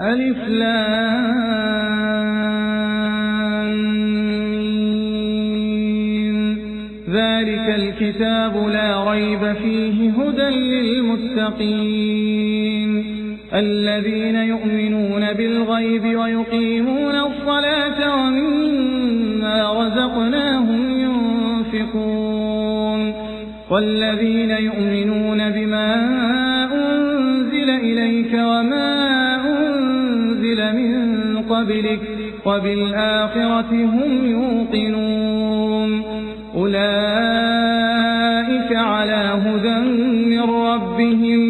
ألف ذلك الكتاب لا ريب فيه هدى للمتقين الذين يؤمنون بالغيب ويقيمون الصلاة ومما رزقناهم ينفقون والذين يؤمنون بما أنزل إليك وما قبلك وبالآخرة هم يوقنون أولئك على هدى من ربهم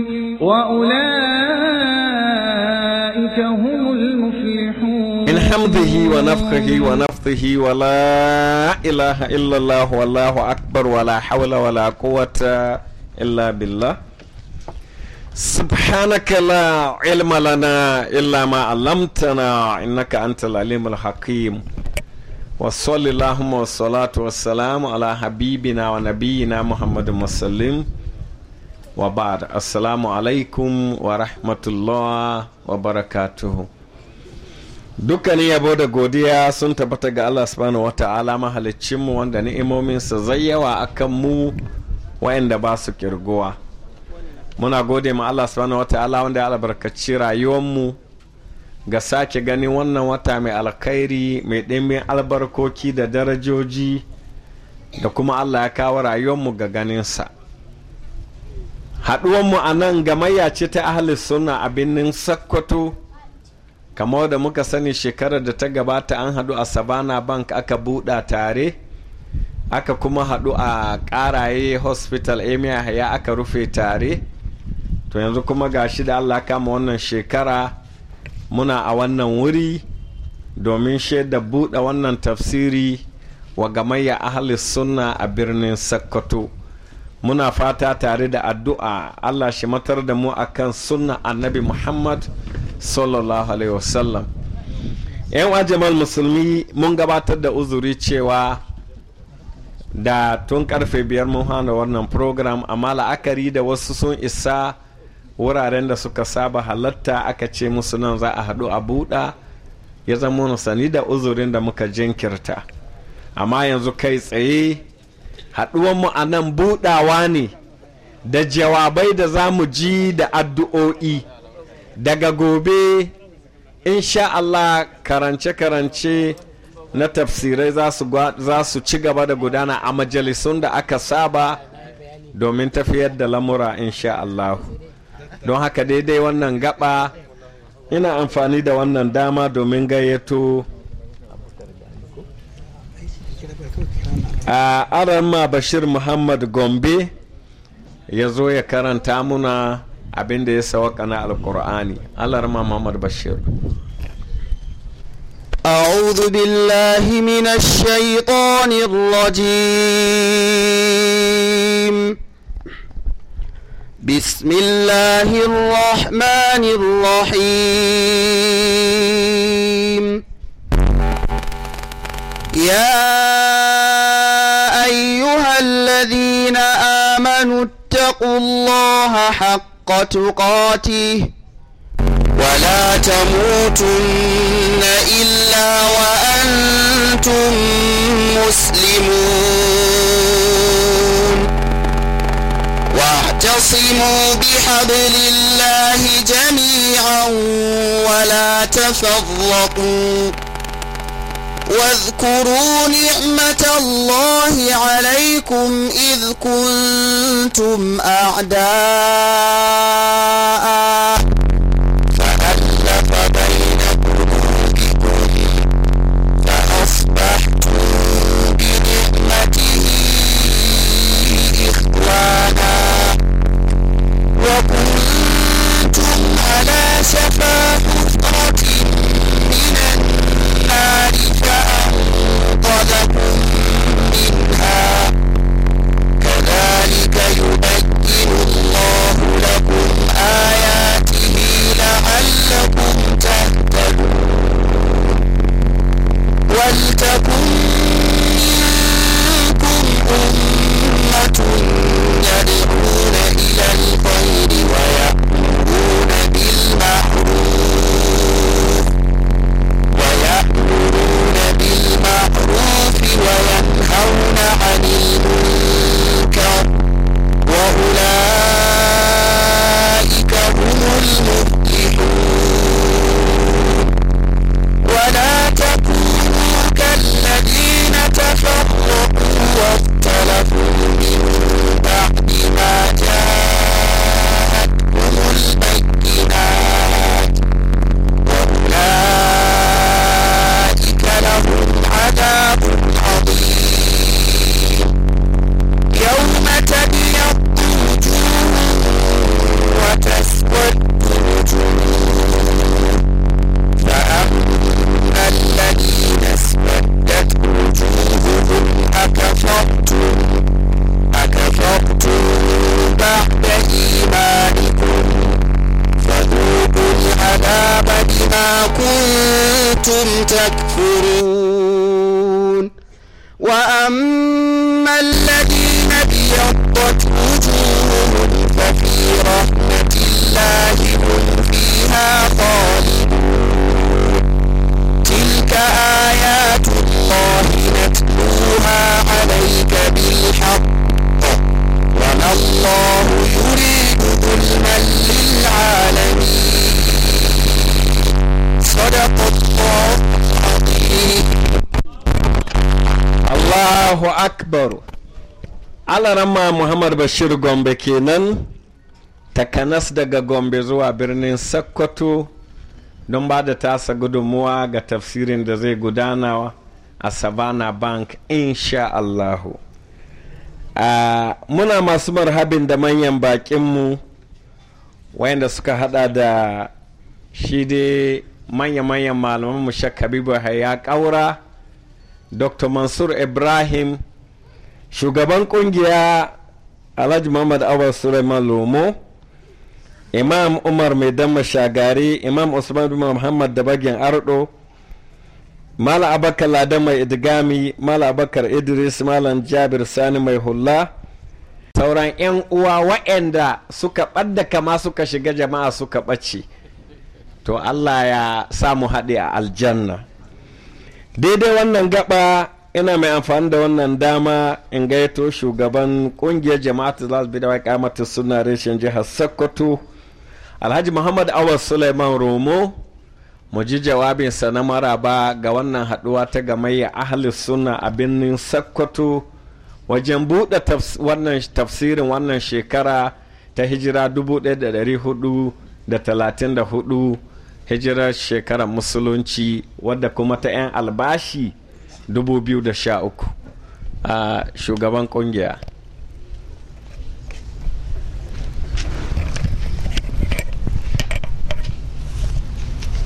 وأولئك هم المفلحون من حمده ونفخه ونفطه ولا إله إلا الله والله أكبر ولا حول ولا قوة إلا بالله سبحانك لا علم لنا إلا ما علمتنا إنك أنت العليم الحكيم وصل اللهم والصلاة والسلام على حبيبنا ونبينا محمد مسلم وبعد السلام عليكم ورحمة الله وبركاته dukkanin yabo da godiya sun tabbata ga Allah subhanahu wata'ala mahaliccinmu wanda ni'imominsa zai yawa akan mu wa'anda ba su kirgowa muna gode ma Allah subhanahu ta'ala wanda ya albarkaci mu ga sake ganin wannan wata mai alkhairi mai ɗimbin albarkoki da darajoji da kuma Allah ya kawo rayuwar mu ga ganinsa mu a nan gamayya ce ta ahli suna a birnin sakkwato kamar da muka sani shekarar da ta gabata an haɗu a savannah bank aka buɗa tare aka kuma haɗu a ƙaraye hospital emir ya aka rufe tare to yanzu kuma ga shi da allah kama wannan shekara muna a wannan wuri domin shaida buɗe wannan tafsiri wa gamayya ahli sunna a birnin sakkwato muna fata tare da addu'a allah shi matar da mu akan sunna annabi muhammad sallallahu alaihi wasallam yan ajamal musulmi mun gabatar da uzuri cewa da tun karfe biyar mun hana wannan program amma la'akari da wasu sun isa wuraren da suka saba halatta aka ce musu nan za a haɗu a buɗa ya zama na sani da uzurin da muka jinkirta amma yanzu kai tsaye haɗuwanmu a nan buɗawa ne da jawabai da za mu ji da addu'o'i daga gobe insha Allah karance-karance na tafsirai za su ci gaba da gudana a majalisun da aka saba domin tafiyar da lamura insha Allah. don haka daidai wannan gaba ina amfani da wannan dama domin gayyato a ma bashir muhammad gombe ya zo ya karanta muna abin da ya sawaka na alkur'ani alarma muhammad bashir أعوذ بالله من الشيطان الرجيم بسم الله الرحمن الرحيم يا أيها الذين آمنوا اتقوا الله حق تقاته ولا تموتن إلا وأنتم مسلمون واعتصموا بحبل الله جميعا ولا تفرقوا واذكروا نعمة الله عليكم إذ كنتم أعداءً jihar Bashir Gombe kenan takanas daga Gombe zuwa birnin Sokoto don ba da tasa gudunmuwa ga tafsirin da zai gudana a Savannah Bank insha Allahu. Uh, muna masu marhabin da manyan bakinmu wayanda suka hada da shi dai manya-manyan malamanmu shakabibu ya kaura dr mansur ibrahim shugaban kungiya alhaji muhammad awal suleiman lomo imam umar mai damma shagari imam usman bin muhammad da bagin ardo mala abakar ladan mai idigami mala abakar idris malam jabir sani mai hulla. sauran 'yan uwa wa'anda suka ɓadda kama suka shiga jama'a suka ɓace to allah ya samu haɗe a aljanna daidai wannan gaba ina mai amfani da wannan dama in gaito shugaban kungiyar jama'atu za su bi da waƙamata suna reshen jihar sokoto alhaji muhammad awas suleiman romo mu ji jawabinsa na maraba ga wannan haduwa ta gamayya ahli suna a birnin sokoto wajen buɗe wannan tafsirin wannan shekara ta hijira 1434 hijirar shekarar musulunci wadda kuma ta 'yan albashi 2013 a shugaban kungiya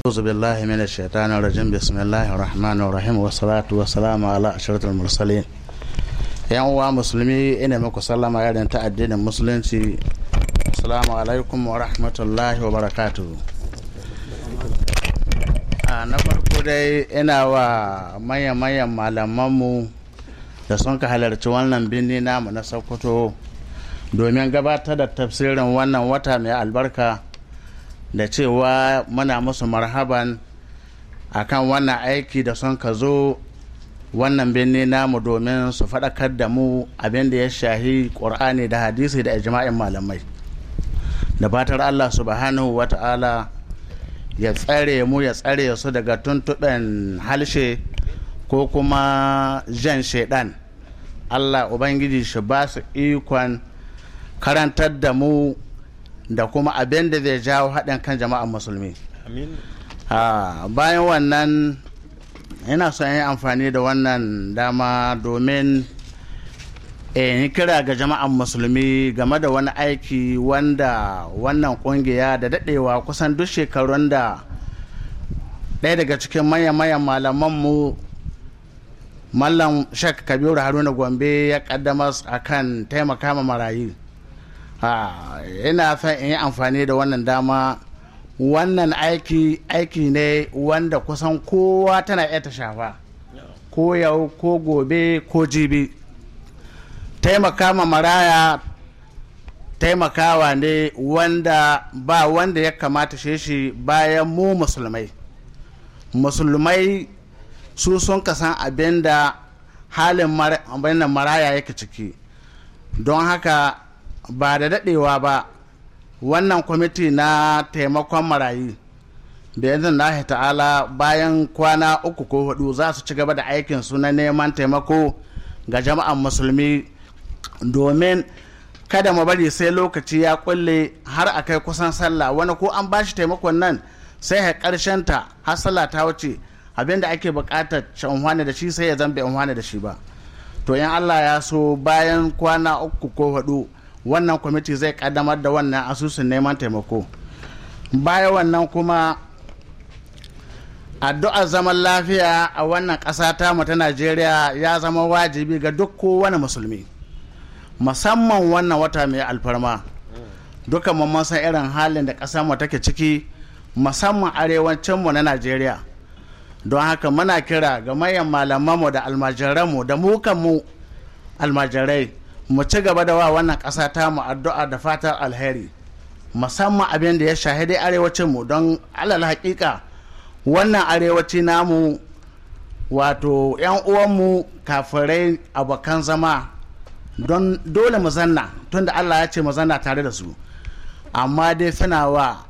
أعوذ بالله من الشيطان الرجيم بسم الله الرحمن الرحيم والصلاة والسلام على أشرة المرسلين yan uwa musulmi ina maku sallama irin ta addinin musulunci assalamu alaikum wa rahmatullahi wa barakatuhu Ah, na farko dai ina wa manya-manyan malamanmu da sun ka halarci wannan birni namu na sokoto domin gabatar da tafsirin wannan wata mai albarka da cewa muna musu marhaban kan wannan aiki da sun ka zo wannan birni namu domin su faɗakar da mu abin da ya shahi ƙur'ani da hadisi da ijma'in malamai da fatar allah subhanahu wa ta'ala ya tsare mu ya tsare su daga tuntuɓen halshe ko kuma jan shaidan allah ubangiji shi ba su ikon karantar da mu da kuma abin da zai jawo haɗin kan jama'a musulmi ah, bayan wannan yana son yi amfani da wannan dama domin eh, kira ga jama'an musulmi game da wani aiki wanda wannan kungiya da dadewa kusan duk shekarun da ɗaya daga cikin manya-manyan malamanmu mallam shek kabiru haruna gombe ya kaddamar a kan taimaka ma marayu ina son in yi amfani da wannan dama wannan aiki aiki ne wanda kusan kowa tana iya ta shafa ko yau ko gobe ko jibi taimaka ma maraya taimakawa ne wanda ba wanda ya kamata shi shi bayan mu musulmai musulmai su sun kasan abin da halin maraya yake ciki don haka ba da daɗewa ba wannan kwamiti na taimakon marayu da yanzu na ta'ala bayan kwana uku ko hudu za su ci gaba da aikin su na neman taimako ga jama'an musulmi domin kada mu bari sai lokaci ya kulle har a kai kusan sallah wani ko an bashi taimakon nan sai ya karshen ta har sallah ta wuce abin da ake bukatar can da shi sai ya zan bai da shi ba to in Allah ya so bayan kwana uku ko hudu wannan kwamiti zai kaddamar da wannan asusun neman taimako bayan wannan kuma addu'ar zaman lafiya a wannan ƙasa ta mu ta najeriya ya zama wajibi ga duk kowane musulmi musamman wannan wata mai alfarma duka mun san irin halin da ƙasa mu take ciki musamman arewacin mu na Najeriya don haka muna kira ga manyan mu da almajiranmu da mukan mu almajirai mu ci gaba da wa wannan ƙasa ta mu addu'a da fatar alheri musamman abin da ya shahidi arewacin mu don alal haƙiƙa wannan arewaci namu wato 'yan uwanmu kafirai abokan zama don dole mu zanna tunda Allah ya ce mu zanna tare da su amma dai suna wa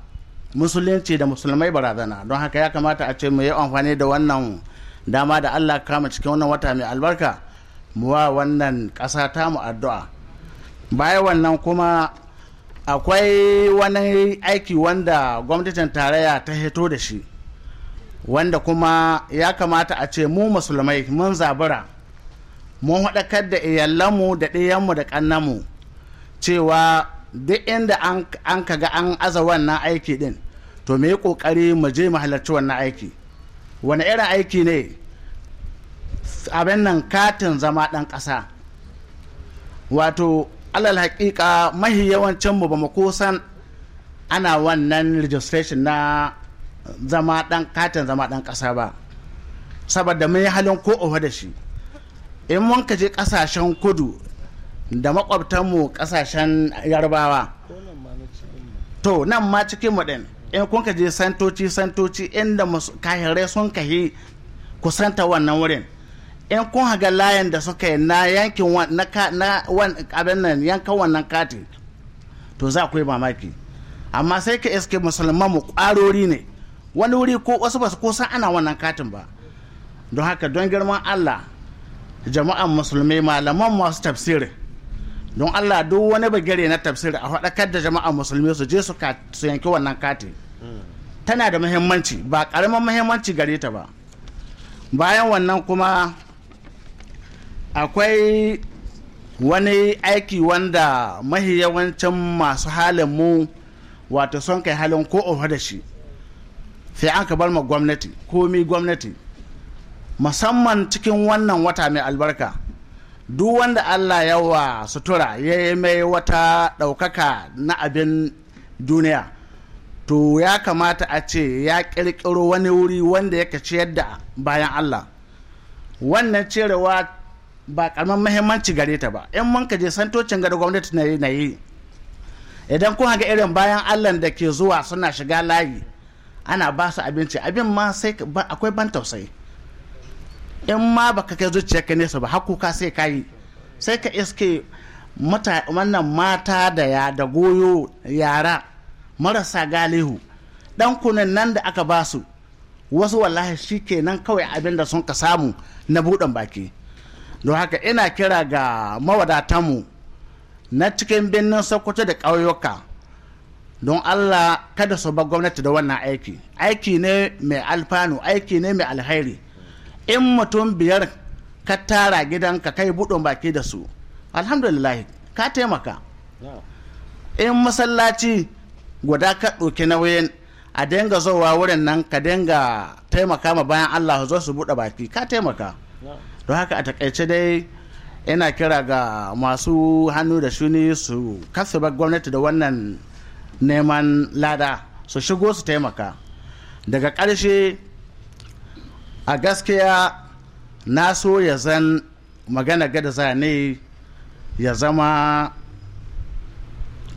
musulunci da musulmai barazana don haka ya kamata a ce mu yi amfani da wannan dama da Allah kama cikin wannan wata mai albarka mu wa wannan ƙasa ta mu addu'a bayan wannan kuma akwai wani aiki wanda gwamnatin tarayya ta hito da shi wanda kuma ya kamata a ce mu musulmai mun zabura mun haɗakar da iyalanmu da ɗiyanmu da ƙannanmu cewa duk inda an ka ga an aza wannan aiki ɗin to mu yi ƙoƙari mu je mu halarci wannan aiki wani irin aiki ne abin nan katin zama ɗan ƙasa wato alal haƙiƙa mahi mu ba mu kusan ana wannan registration na zama ɗan katin zama ɗan ƙasa ba saboda mun yi halin ko da shi in mun ka je kasashen kudu da mu kasashen yarbawa to nan ma cikin mu din in kun ka je santoci santoci inda kahirai sun kahi kusanta wannan wurin in kun haga layan da suka yi na yankin na abin nan yankan wannan kati to za ku yi mamaki amma sai ka iske musulman mu kwarori ne wani wuri ko wasu ba su ko san ana wannan katin ba don haka don girman allah jama'an musulmi malaman masu tafsiri don allah duk wani bagare na tafsiri a faɗakar da jama'an musulmi su je su yanki wannan kati tana da muhimmanci ba ƙaramin muhimmanci gare ta ba bayan wannan kuma akwai wani aiki wanda mahi yawancin masu halin mu wato son kai halin ko da shi sai an ka bar ma gwamnati komi gwamnati musamman cikin wannan wata mai albarka duk wanda Allah yawa sutura ya yi mai wata ɗaukaka na abin duniya to ya kamata a ce ya ƙirƙiro wani wuri wanda ya kaci yadda bayan Allah wannan cerewa ba karamin mahimmanci gare ta ba in mun ka je santocin gada gwamnati na yi na yi idan kun haga irin bayan Allah da ke zuwa suna shiga layi ana ba su abinci abin ma sai akwai ban tausayi in ma baka kai zuciyarka nesa ba hakuka sai ka yi sai ka iske wannan mata da ya da goyo yara marasa galihu dan kunan nan da aka ba su wasu wallahi shi ke nan kawai abin da sun ka samu na buɗan baki don haka ina kira ga mawadatanmu na cikin birnin sokoto da ƙauyuka don allah kada su ba gwamnati da wannan aiki aiki ne mai alfanu aiki ne mai alhairi in mutum biyar ka tara gidan ka kai budon baki da su alhamdulillah ka taimaka in masallaci guda ka ɗauki nauyin a dinga zowa wurin nan ka dinga taimaka ma bayan allah zo su buɗe baki ka taimaka don haka a takaice dai ina kira ga masu hannu da shuni su ba gwamnati da wannan neman lada su shigo su taimaka daga ƙarshe a gaskiya na so ya zan magana gada zane ya zama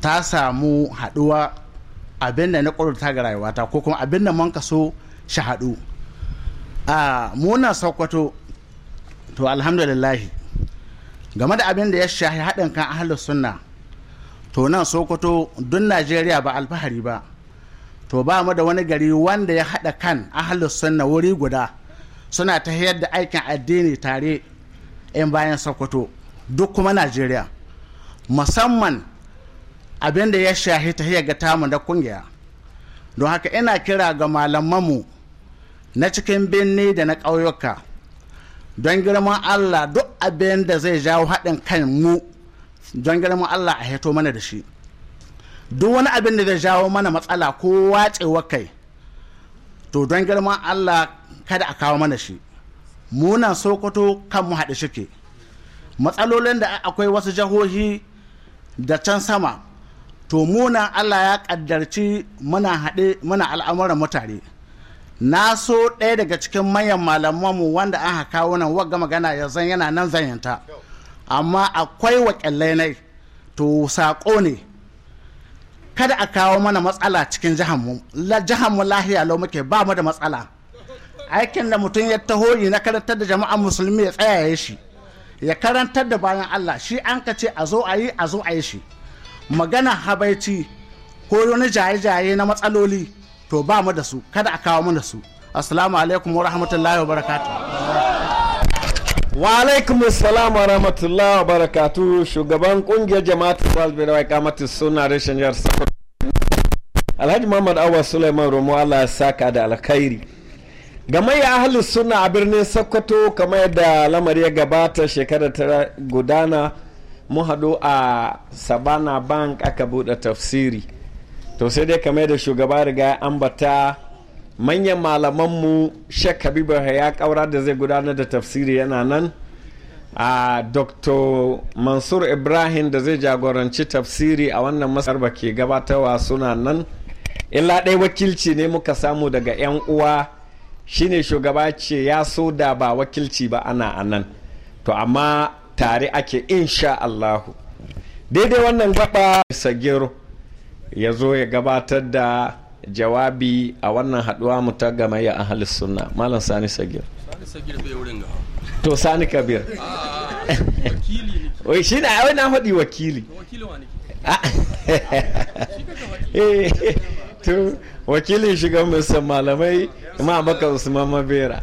ta samu haɗuwa abin da na ƙudurta ga rayuwata ko kuma abin da man so shi haɗu a muna sokoto to alhamdulillahi game da abin da ya shahi haɗin kan ahalar sunna to nan sokoto duk najeriya ba alfahari ba to ba mu da wani gari wanda ya haɗa kan ahalar sunna wuri guda suna ta da aikin addini tare 'yan bayan sokoto duk kuma najeriya musamman abin da ya shahi ta ga tamu da kungiya don haka ina kira ga malamanmu na cikin birni da na ƙauyuka don girman allah duk abin da zai jawo haɗin kan mu don girman allah a heto mana da shi duk wani abin da zai jawo mana matsala ko wacewa kai to don girman allah kada a kawo mana shi muna sokoto kan mu haɗe shike matsalolin da akwai wasu jihohi da can sama to muna allah ya ƙaddarci muna haɗe muna al'amuran mutane na so ɗaya daga cikin manyan malamanmu wanda an kawo nan wagga magana ya zan yana nan zanyanta amma akwai waƙallai nai to saƙo ne kada a kawo mana matsala cikin jihanmu jihanmu lahiya lau muke ba mu da matsala aikin da mutum ya taho yi na karantar da jama'a musulmi ya tsaya ya shi ya karantar da bayan Allah shi an ka ce a zo a yi a zo a yi shi magana habaici ko wani jaye-jaye na matsaloli to ba mu da su kada a kawo mu da su assalamu alaikum wa rahmatullahi wa barakatu wa alaikum assalam wa rahmatullahi wa barakatu shugaban kungiyar jama'atu salbira wa kamata suna rashin sa alhaji muhammad awa suleiman romo allah ya saka da alkhairi gamayya ahalin suna a birnin sokoto kamar yadda lamari ya gabata shekarar ta gudana mun haɗu a sabana bank aka buɗe tafsiri to sai dai kamar yadda shugaba riga ya ambata manyan malamanmu shek habibu ya kaura da zai gudanar da tafsiri yana nan a dr mansur ibrahim da zai jagoranci tafsiri a wannan masar ba ke gabatarwa suna nan illa ɗaya wakilci ne muka samu daga 'yan uwa shine shugaba ce ya so da ba wakilci ba ana anan to amma tare ake insha Allahu daidai wannan gaba sagir ya zo ya gabatar da jawabi a wannan haduwa mu ta ya ahli sunna malam sani sagir sani to sani kabir ah, ah, ah. wai shi na wani na faɗi wakili wakili wa ne to wakilin shiga musan malamai ma maka usman mabera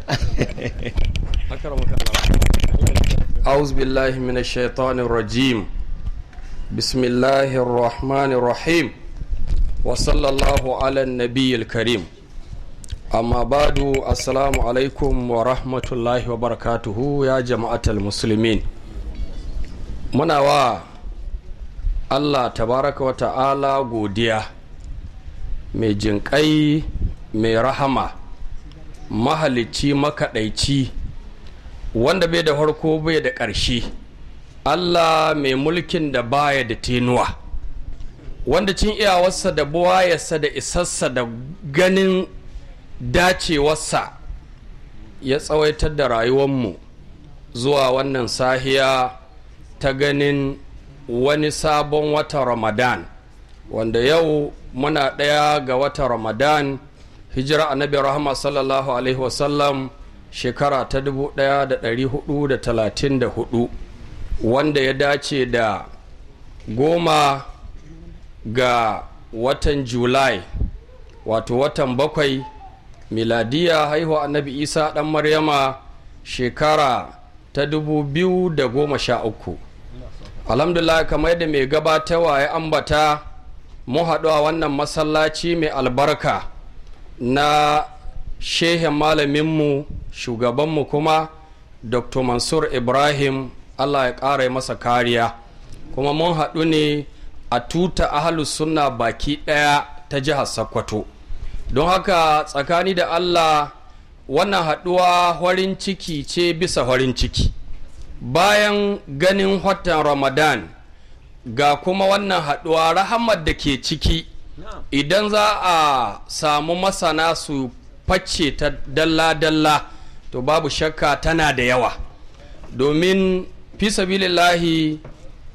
auz billahi min shaitani rajim bismillahi rahmani rahim wa sallallahu ala nabiyyil karim amma badu assalamu alaikum wa rahmatullahi wa barakatuhu ya jama'atul muslimin muna wa allah tabaraka wa ta'ala godiya mai jinƙai mai rahama mahalicci makaɗaici wanda bai da harko bai da ƙarshe allah mai mulkin da baya da tenuwa wanda cin iyawarsa da buwayarsa da isarsa da ganin dacewarsa ya tsawaitar da rayuwarmu zuwa wannan sahiya ta ganin wani sabon watan ramadan wanda yau muna ɗaya ga wata ramadan hijira annabi rahama sallallahu alaihi wasallam shekara ta 1434 wanda ya dace da goma ga watan julai wato watan bakwai miladiya haihuwa annabi isa ɗan maryama shekara ta 2013 alhamdulillah kamar yadda mai wa ya ambata mu haɗu a wannan masallaci mai albarka na shehin malaminmu shugabanmu kuma dr mansur ibrahim allah ya ƙara masa kariya kuma mun haɗu ne a tuta ahalus sunna baki ɗaya ta jihar Sakkwato. don haka tsakani da allah wannan haɗuwa farin ciki ce bisa farin ciki bayan ganin watan ramadan ga kuma wannan haɗuwa rahamar da ke ciki idan za a samu masana su facce ta dalla-dalla to babu shakka tana da yawa domin fisabilillahi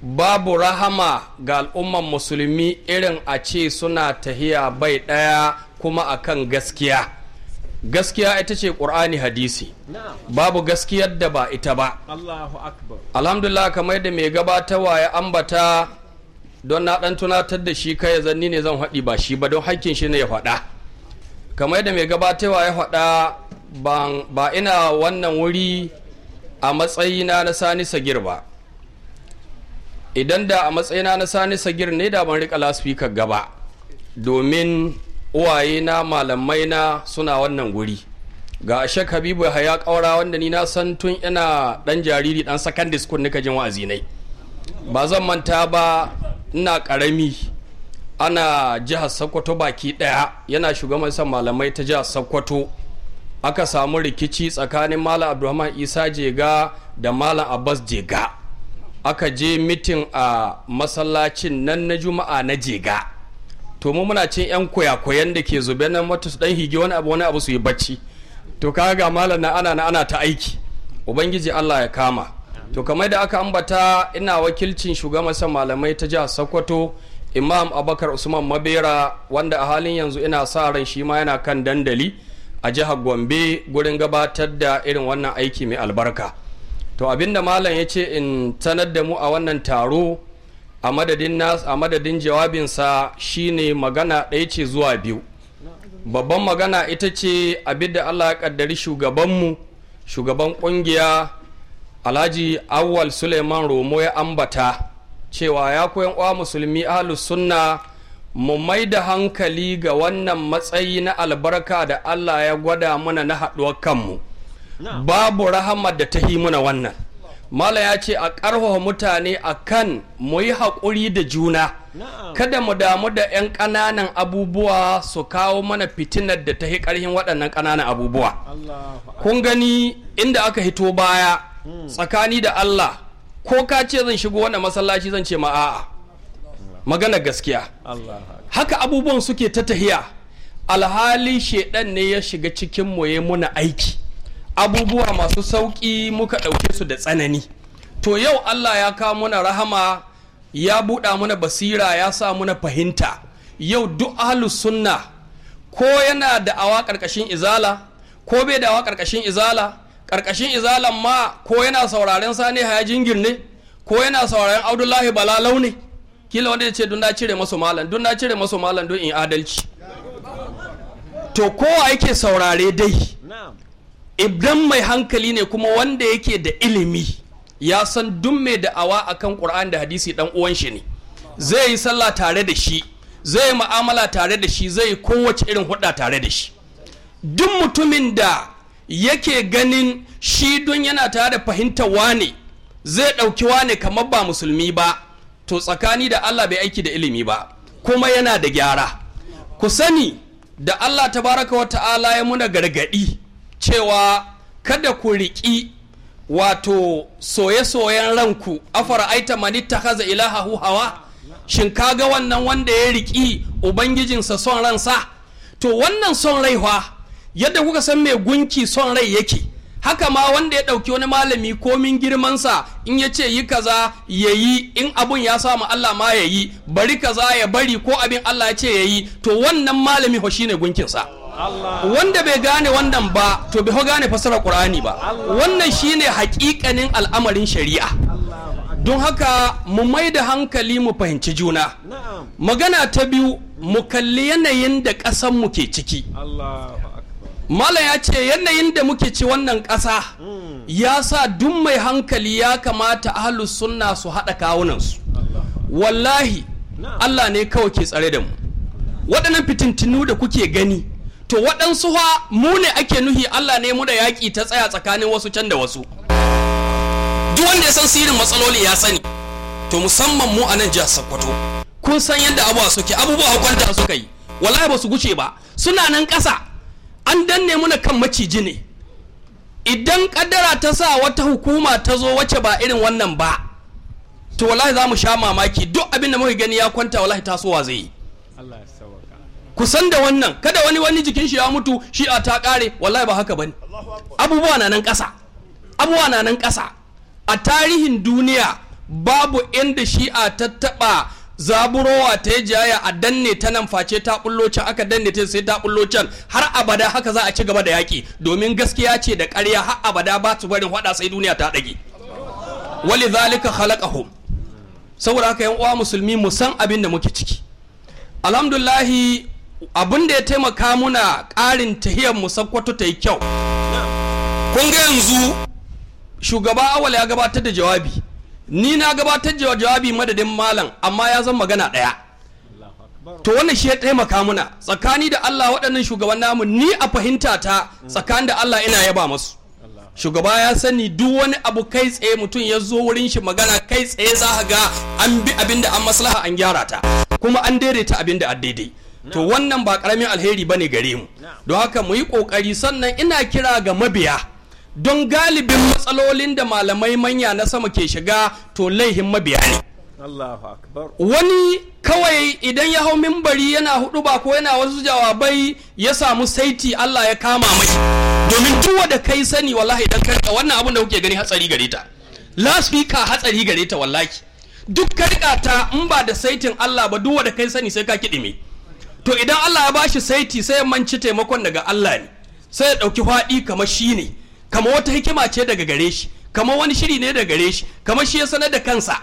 babu rahama ga al'umman musulmi irin a ce suna tahiya bai ɗaya kuma akan gaskiya gaskiya ita ce ƙur'ani hadisi babu gaskiyar da ba ita ba alhamdulillah kamar da mai wa ya ambata don na ɗan tunatar da shi kai zanni ne zan haɗi ba shi ba don haƙƙin shi ne ya faɗa kamar da mai wa ya faɗa ba ina wannan wuri a matsayina na sani sagir ba idan da a matsayina na sani sagir ne da ban riƙa lasfikar gaba domin uwaye na malamai na suna wannan guri ga shek habibu ya kaura wanda ni na san tun yana dan jariri dan secondary school nika jin wa'azi nai ba zan manta ba ina karami ana jihar sokoto baki daya yana shugaban san malamai ta jihar sokoto aka samu rikici tsakanin malam abdulrahman isa jega da malam abbas jega aka je mitin a masallacin nan na juma'a na jega to mu muna cin yan koyakoyan da ke zube nan mata su dan hige wani abu wani abu su yi bacci to kaga ga malam na ana na ana ta aiki ubangiji Allah ya kama to kamar da aka ambata ina wakilcin shugaban malamai ta jihar Sokoto Imam Abakar Usman Mabera wanda a halin yanzu ina sa ran shi ma yana kan dandali a jihar Gombe gurin gabatar da irin wannan aiki mai albarka to abinda malam ya ce in sanar da mu a wannan taro a madadin nas a madadin jawabinsa shine magana ɗaya ce zuwa biyu babban magana ita ce abin da Allah ya kaddari shugabanmu shugaban kungiya Alhaji Awwal Suleiman Romo ya ambata cewa ya koyan uwa musulmi ahlus sunna mu mai da hankali ga wannan matsayi na albarka da Allah ya gwada mana na haɗuwar kanmu babu rahama da ta hi muna wannan mala ya ce a ƙarfafa mutane a kan mu yi haƙuri da juna kada mu damu da 'yan ƙananan abubuwa su kawo mana fitinar da ta yi ƙarfin waɗannan ƙananan abubuwa kun gani inda aka hito baya hmm. tsakani da allah ko ka ce zan shigo wannan masallaci zan ce ma magana gaskiya haka abubuwan suke ta tahiya alhali shaidan ne ya shiga cikin muna aiki abubuwa masu sauƙi muka ɗauke su da tsanani to yau allah ya kawo muna rahama ya buɗa muna basira ya sa muna fahimta yau duk ahlus sunna ko yana da awa ƙarƙashin izala ko bai da awa ƙarƙashin izala ƙarƙashin izalan ma ko yana sauraren sani haya jingir ko yana sauraren abdullahi balalau ne kila wanda ya ce dun na cire masu malam dun na cire masu malam don in adalci to kowa yake saurare dai idan mai hankali ne kuma wanda yake da ilimi ya san duk mai da'awa kan ƙur'ani da hadisi ɗan uwan shi ne zai yi sallah tare da shi zai yi ma'amala tare da shi zai yi kowace irin hudda tare da shi duk mutumin da yake ganin shi don yana tare da fahimtar wane zai ɗauki wane kamar ba musulmi ba to tsakani da Allah bai aiki da ilimi ba kuma yana da gyara ku sani da Allah tabaraka wa ta'ala ya muna gargaɗi cewa kada ku riƙi wato soye-soyen ranku afara aita mani ta haza ilahahu hawa shin kaga wannan wanda ya riƙi ubangijinsa son ransa to wannan son raiwa yadda kuka san mai gunki son rai yake haka ma wanda ya ɗauki wani malami komin girmansa in ya ce yi kaza ya yi in abun ya samu Allah ma ya yi bari kaza ya bari ko abin Allah ya ce ya yi to wannan malami ho shine gunkinsa wanda bai gane wannan ba to bai gane fasarar qur'ani ba wannan shine hakikanin al'amarin shari'a don haka mu mai da hankali mu fahimci juna magana ta biyu mu kalli yanayin da ƙasan mu ke ciki Malam ya ce yanayin da muke ci wannan ƙasa hmm. ya sa duk mai hankali ya kamata ahlus sunna su haɗa kawunansu wallahi Allah ne kawai ke tsare da mu waɗannan fitintinu da kuke gani to waɗansu ha mu ne ake nuhi Allah ne mu da yaƙi ta tsaya tsakanin wasu can da wasu duk wanda ya san sirrin matsaloli ya sani to musamman mu a nan jihar Sokoto kun san yadda abuwa suke abubuwa kwanta suka yi wallahi ba su guce ba suna nan ƙasa an danne muna kan maciji ne idan kaddara ta sa wata hukuma ta zo wacce ba irin wannan ba to wallahi za mu sha mamaki duk abin da muka gani ya kwanta wallahi tasowa zai yi Kusan da wannan kada wani wani jikin shi ya mutu shi a ta kare wallahi ba haka bane abubuwa na nan kasa abubuwa na nan kasa a tarihin duniya babu inda shi ta taɓa zaburowa ta yi jaya a danne ta nan face ta bullo can aka danne ta sai ta bullo can har abada haka za a ci gaba da yaki domin gaskiya ce da ƙarya har abada ba su barin hada sai duniya ta ɗage wali zalika khalaqahum saboda haka yan uwa musulmi mu san abin da muke ciki alhamdulillah abin da ya taimaka muna ƙarin tahiyar mu sakkwato ta yi kyau kun ga yanzu shugaba awal ya gabatar da jawabi ni na gabatar da jawabi madadin malam amma ya zan magana ɗaya to wannan shi ya taimaka muna tsakani da Allah waɗannan shugaban namu ni a fahimta ta tsakani da Allah ina yaba masu shugaba ya sani duk wani abu kai tsaye mutum ya zo wurin shi magana kai tsaye za ga an bi abin da an maslaha an gyara ta kuma an daidaita abin da an daidai to wannan ba karamin alheri bane gare mu don haka mu yi kokari sannan ina kira ga mabiya don galibin matsalolin da malamai manya na sama ke shiga to laihin mabiya ne wani kawai idan ya hau mimbari yana hudu ba ko yana wasu jawabai ya samu saiti Allah ya kama mai domin duk da kai sani wallahi idan ka wannan abin da kuke gani hatsari gare ta laspika hatsari gare ta wallahi duk karka ta in ba da saitin Allah ba duk da kai sani sai ka mai to idan Allah ya bashi saiti sai ya manci taimakon daga Allah ne sai ya ɗauki faɗi kamar shi ne kamar wata hikima ce daga gare shi kamar wani shiri ne daga gare shi kamar shi ya sanar da kansa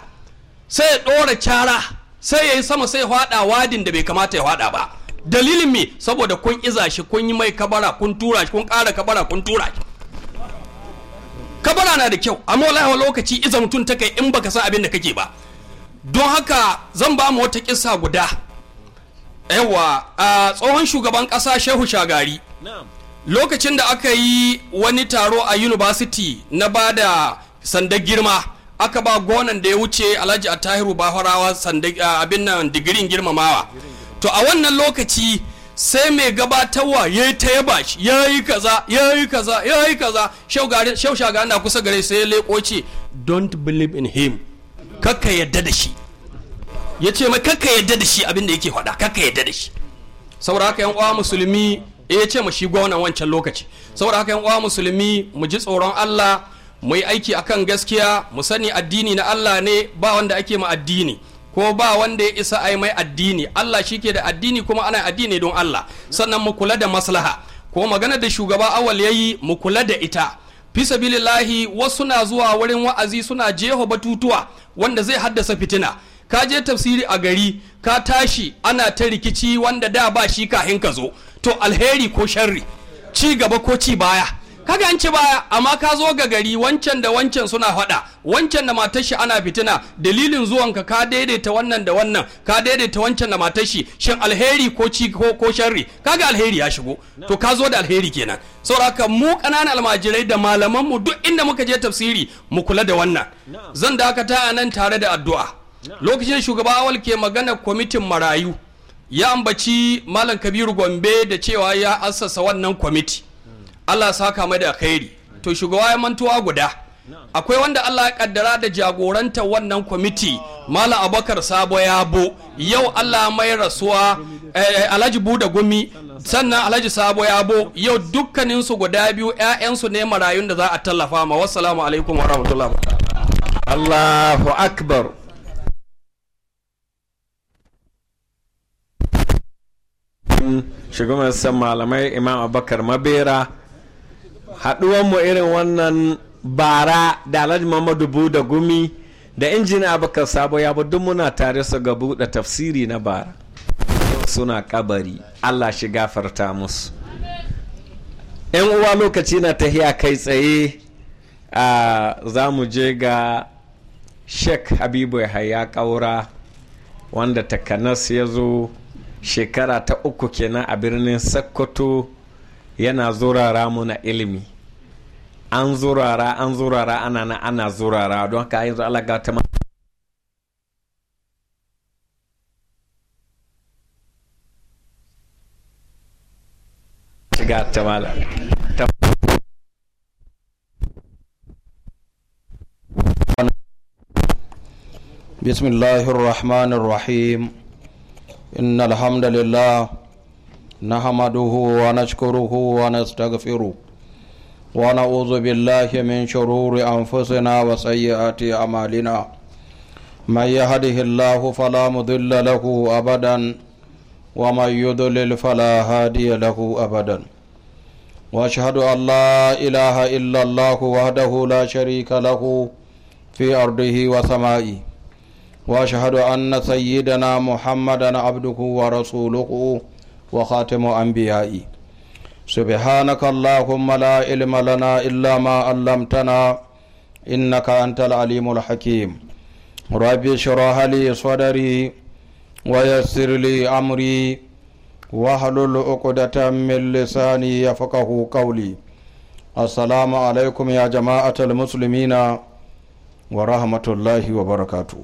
sai ya ɗora cara sai ya yi sama sai ya faɗa wadin da bai kamata ya faɗa ba dalilin me saboda kun iza shi kun yi mai kabara kun tura shi kun ƙara kabara kun tura shi kabara na da kyau amma wallahi lokaci iza mutum ta kai in baka san abin da kake ba don haka zan ba mu wata kissa guda yawa a tsohon shugaban ƙasa shehu shagari lokacin da aka yi wani taro a university na ba da sandar girma aka ba gonan da ya wuce alhaji attahiru baharawa abin nan digirin girmamawa to a wannan lokaci sai mai gabatarwa ya yi ta yaba shi ya yi kaza ya yi kaza ya yi kaza shau shagari na kusa gare sai ya leƙo ce don't believe in him kakka yadda da shi ya ce mai kakka yadda da shi abin da yake faɗa kakka yadda da shi saboda haka yan uwa musulmi eh, ya ce mu shi gwamnan wancan lokaci saboda haka yan uwa musulmi mu ji tsoron Allah mu yi aiki akan gaskiya mu sani addini na Allah ne ba wanda ake ma addini ko ba wanda ya isa ai mai addini Allah shi ke da addini kuma ana addini don Allah sannan mu kula da maslaha ko magana da shugaba awal yayi mu kula da ita bisa sabilillahi wasu na zuwa wurin wa'azi suna jeho batutuwa wanda zai haddasa fitina ka je tafsiri a gari ka tashi ana ta rikici wanda da ba shi kahin ka zo to alheri ko sharri ci gaba ko ci baya kaga an ci baya amma ka zo ga gari wancan da wancan suna faɗa wancan da matashi ana fitina dalilin zuwanka ka daidaita wannan da wannan ka daidaita wancan da matashi shin alheri ko ci ko, sharri kaga alheri ya shigo to ka zo da alheri kenan saboda mu kananan almajirai da malaman mu duk inda muka je tafsiri mu kula da wannan zan dakata a nan tare da addu'a lokacin shugaba awal ke magana kwamitin marayu ya ambaci malam kabiru gombe da cewa ya asasa wannan kwamiti allah saka mai da khairi to shugaba ya mantuwa guda akwai wanda allah ya kaddara da jagoranta wannan kwamiti malam abakar sabo yabo yau allah mai rasuwa eh, alhaji buda gumi sannan alhaji sabo yabo yau dukkaninsu guda biyu 'ya'yansu ne marayun da za a tallafa ma wassalamu alaikum wa rahmatullahi Allahu akbar cikin malamai imam Abakar mabera mu irin wannan bara da alhaji muhammadu buda gumi da injin Abakar sabo ya duk muna tare su ga buɗe tafsiri na bara suna kabari allah shi gafarta musu yan uwa lokaci na tahiya kai tsaye a za mu je ga sheik habibu ya kaura wanda takanas ya zo shekara ta uku kenan a birnin sokoto yana zurara muna ilimi an zurara an zurara ana na ana zurara don haka yanzu alaga ta shiga ta mala بسم الله الرحمن الرحيم إن الحمد لله نحمده ونشكره ونستغفره ونعوذ بالله من شرور أنفسنا وسيئات أعمالنا من يهده الله فلا مضل له أبدا ومن يضلل فلا هادي له أبدا وأشهد أن لا إله إلا الله وحده لا شريك له في أرضه وسمائه واشهد ان سيدنا محمدا عبده ورسوله وخاتم انبيائه سبحانك اللهم لا علم لنا الا ما علمتنا انك انت العليم الحكيم ربي اشرح لي صدري ويسر لي امري واحلل عقدة من لساني يفقه قولي السلام عليكم يا جماعة المسلمين ورحمة الله وبركاته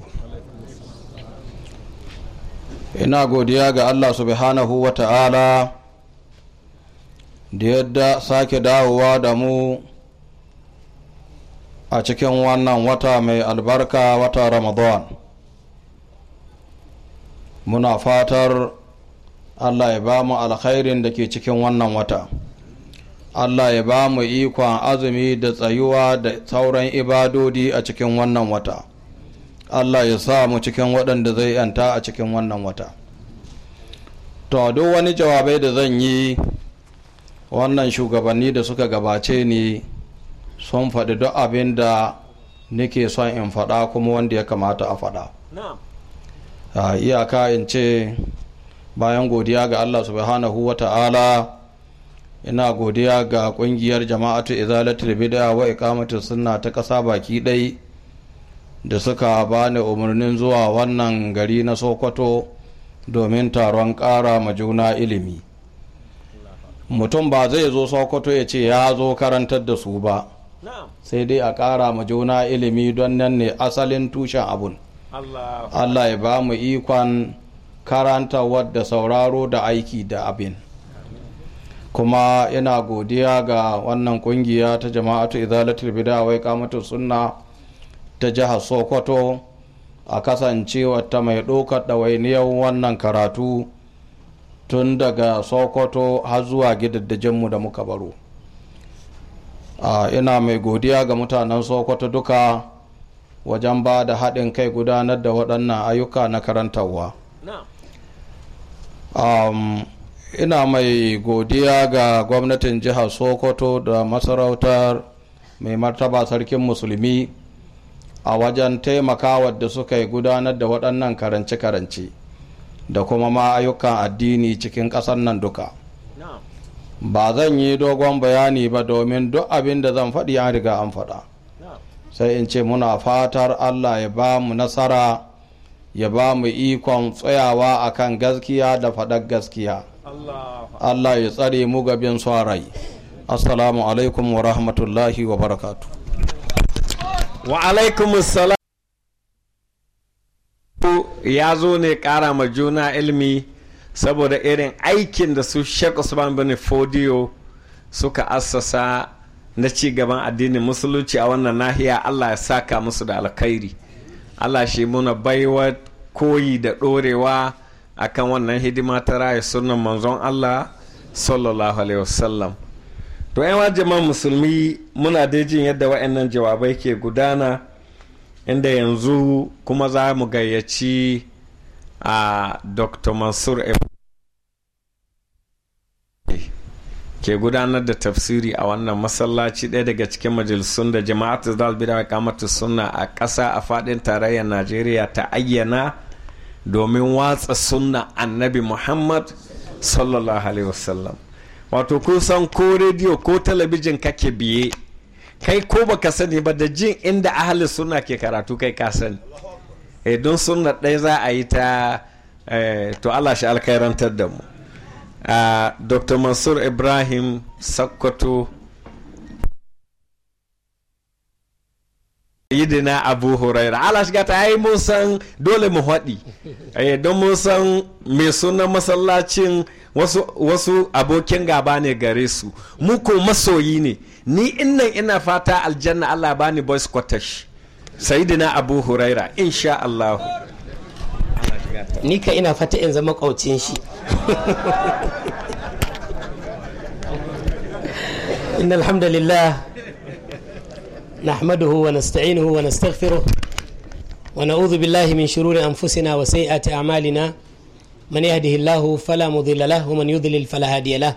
ina godiya ga allah subhanahu wa ta'ala da yadda sake dawowa da mu a cikin wannan wata mai albarka wata ramadan muna fatar allah ya ba mu alkhairin da ke cikin wannan wata allah ya ba mu ikon azumi da tsayuwa da sauran ibadodi a cikin wannan wata allah ya sa mu cikin waɗanda zai yanta a cikin wannan wata to duk wani jawabai da zan yi wannan shugabanni da suka gabace ni sun faɗi duk abin da nake son in faɗa kuma wanda ya kamata a faɗa iyaka in ce bayan godiya ga allah subhanahu wa ta'ala ina godiya ga ƙungiyar jama'atu izalatul bid'a wa ikamatu sunna ta ƙasa baki ɗaya. da suka bani umarnin zuwa wannan gari na sokoto domin taron ƙara ma juna ilimi mutum ba zai zo sokoto ya ce ya zo karantar da su ba sai dai a ƙara ma juna ilimi don nan ne asalin tushen abun allah ya ba mu ikon karanta wadda sauraro da aiki da abin kuma yana godiya ga wannan kungiya ta jama'atu izalatul bida wai kamatu sunna ta jihar sokoto a kasancewa ta mai ɗaukar ɗawainiyar wannan karatu tun daga sokoto har zuwa gidajenmu da muka baro ina mai godiya ga mutanen sokoto duka wajen ba da haɗin kai gudanar da waɗannan ayyuka na karantarwa ina mai godiya ga gwamnatin jihar sokoto da masarautar mai martaba sarkin musulmi a wajen taimakawa da suka yi gudanar da waɗannan karance-karance da kuma ma ayyukan addini cikin ƙasar nan duka ba zan yi dogon bayani ba domin duk abin da zan faɗi an riga an faɗa sai in ce muna fatar allah ya ba mu nasara ya ba mu ikon tsayawa akan gaskiya da faɗar gaskiya allah ya tsare mu gabin son rai assalamu alaikum wa rahmatullahi wa barakatu wa ya zo ne ƙara ma juna ilmi saboda irin aikin da su Sheikh Usman bin Fodiyo suka assasa na ci gaban addinin musulunci a wannan nahiya Allah ya saka musu da alkhairi Allah shi muna baiwa koyi da ɗorewa akan wannan hidima ta raya sunan manzon Allah sallallahu alaihi wasallam to yan jama'a musulmi muna dai jin yadda wa'annan jawabai ke gudana inda yanzu kuma za mu gayyaci a dr mansur ke gudanar da tafsiri a wannan masallaci ɗaya daga cikin majalisun da jama'atu zalbira kamata sunna a ƙasa a faɗin tarayyar najeriya ta ayyana domin watsa sunna annabi muhammad sallallahu alaihi wasallam wato kun san ko rediyo ko talabijin kake biye kai ko baka sani ba da jin inda ahalin suna ke karatu kai ka sani eh, don suna ɗaya za a yi ta eh, to Allah shi alkairantar da mu ah, dr mansur ibrahim sakkwato yidina abu huraira ala shiga ta yi mun san dole mu haɗi eh, don mun san mai sunan masallacin wasu, wasu abokin gaba ne gare su mu ko masoyi ne ni innan ina fata aljanna Allah bani boys scottish. sayidina abu huraira insha Allah ni ka ina fata in zama kaucin shi إن الحمد لله نحمده ونستعينه ونستغفره ونعوذ بالله من شرور أنفسنا وسيئات أعمالنا من يهده الله فلا مضل له ومن يضلل فلا هادي له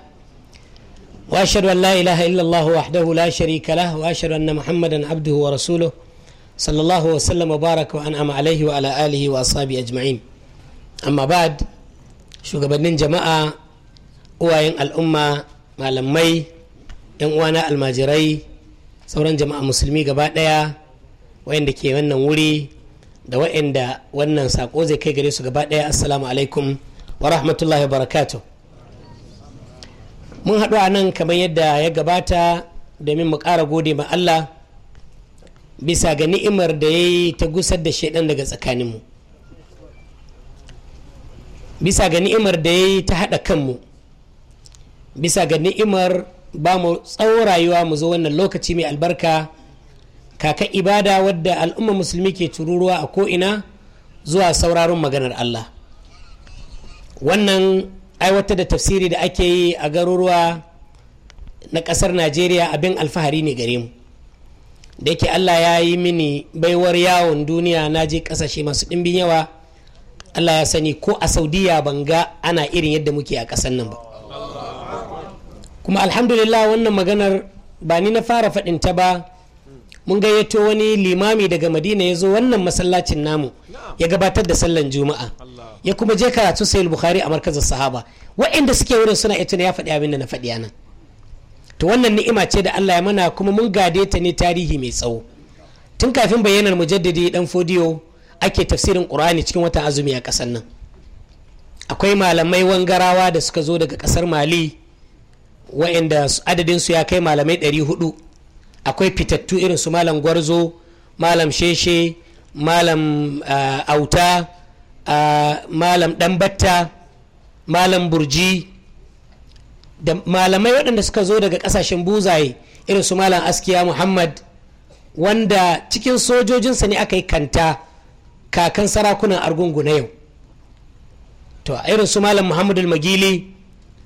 واشهد ان لا اله الا الله وحده لا شريك له واشهد ان محمدا عبده ورسوله صلى الله وسلم وبارك وانعم عليه وعلى اله واصحابه اجمعين اما بعد shugabannin jama'a uwayen al'umma malamai yan uwana almajirai sauran jama'a musulmi gaba daya wayanda ke wannan wuri da wa'anda wannan sako zai kai gare su gaba ɗaya assalamu alaikum wa rahmatullahi wa mun haɗu a nan kamar yadda ya gabata domin mu ƙara gode ma Allah bisa ga ni'imar da ya yi ta gusar da shaidan daga tsakaninmu bisa ga ni'imar da ya yi ta haɗa kanmu bisa ga ni'imar ba mu tsawon rayuwa mu zo wannan lokaci mai albarka kaka ibada wadda al'umma musulmi ke tururuwa a ko'ina zuwa sauraron maganar Allah wannan aiwatar da tafsiri da ake yi a garuruwa na ƙasar najeriya abin alfahari ne gare mu da yake Allah ya yi mini baiwar yawon duniya na je ƙasashe masu ɗimbin yawa Allah ya sani ko a saudiya banga ana irin yadda muke a ƙasar nan ba kuma alhamdulillah wannan maganar ba ni na fara faɗin ba mun gayyato wani limami daga madina ya zo wannan masallacin namu ya gabatar da sallan juma'a ya kuma je karatu sai bukhari a markazin sahaba wainda suke wurin suna ita ya faɗi abin da na faɗi nan. to wannan ni'ima ce da Allah ya mana kuma mun gade ta ne tarihi mai tsawo tun kafin bayyanar mujaddidi dan fodiyo ake tafsirin qur'ani cikin watan azumi a kasar nan akwai malamai wangarawa da suka zo daga kasar mali adadin su ya kai malamai ɗari hudu akwai fitattu irin su malam gwarzo malam sheshe malam eh, auta eh, malam ɗanbatta malam burji da malamai waɗanda suka zo daga ƙasashen buzaye irin su malam askiya muhammad wanda cikin sojojinsa ne aka yi kanta kakan sarakunan argungu na yau to irin su malam muhammadu magili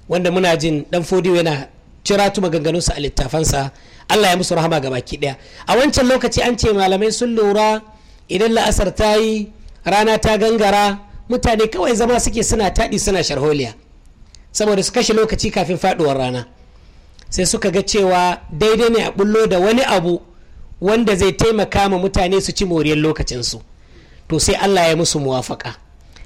wanda muna jin ɗan fodiyo yana ciratu maganganunsa a littafansa Allah ya musu rahama ga baki daya a wancan lokaci an ce malamai sun lura idan la'asar ta yi rana ta gangara mutane kawai zama suke suna taɗi suna sharholiya saboda su kashe lokaci kafin faɗuwar rana sai suka ga cewa daidai ne a bullo da wani abu wanda zai taimaka ma mutane su ci moriyar lokacinsu to sai Allah ya musu muwafaka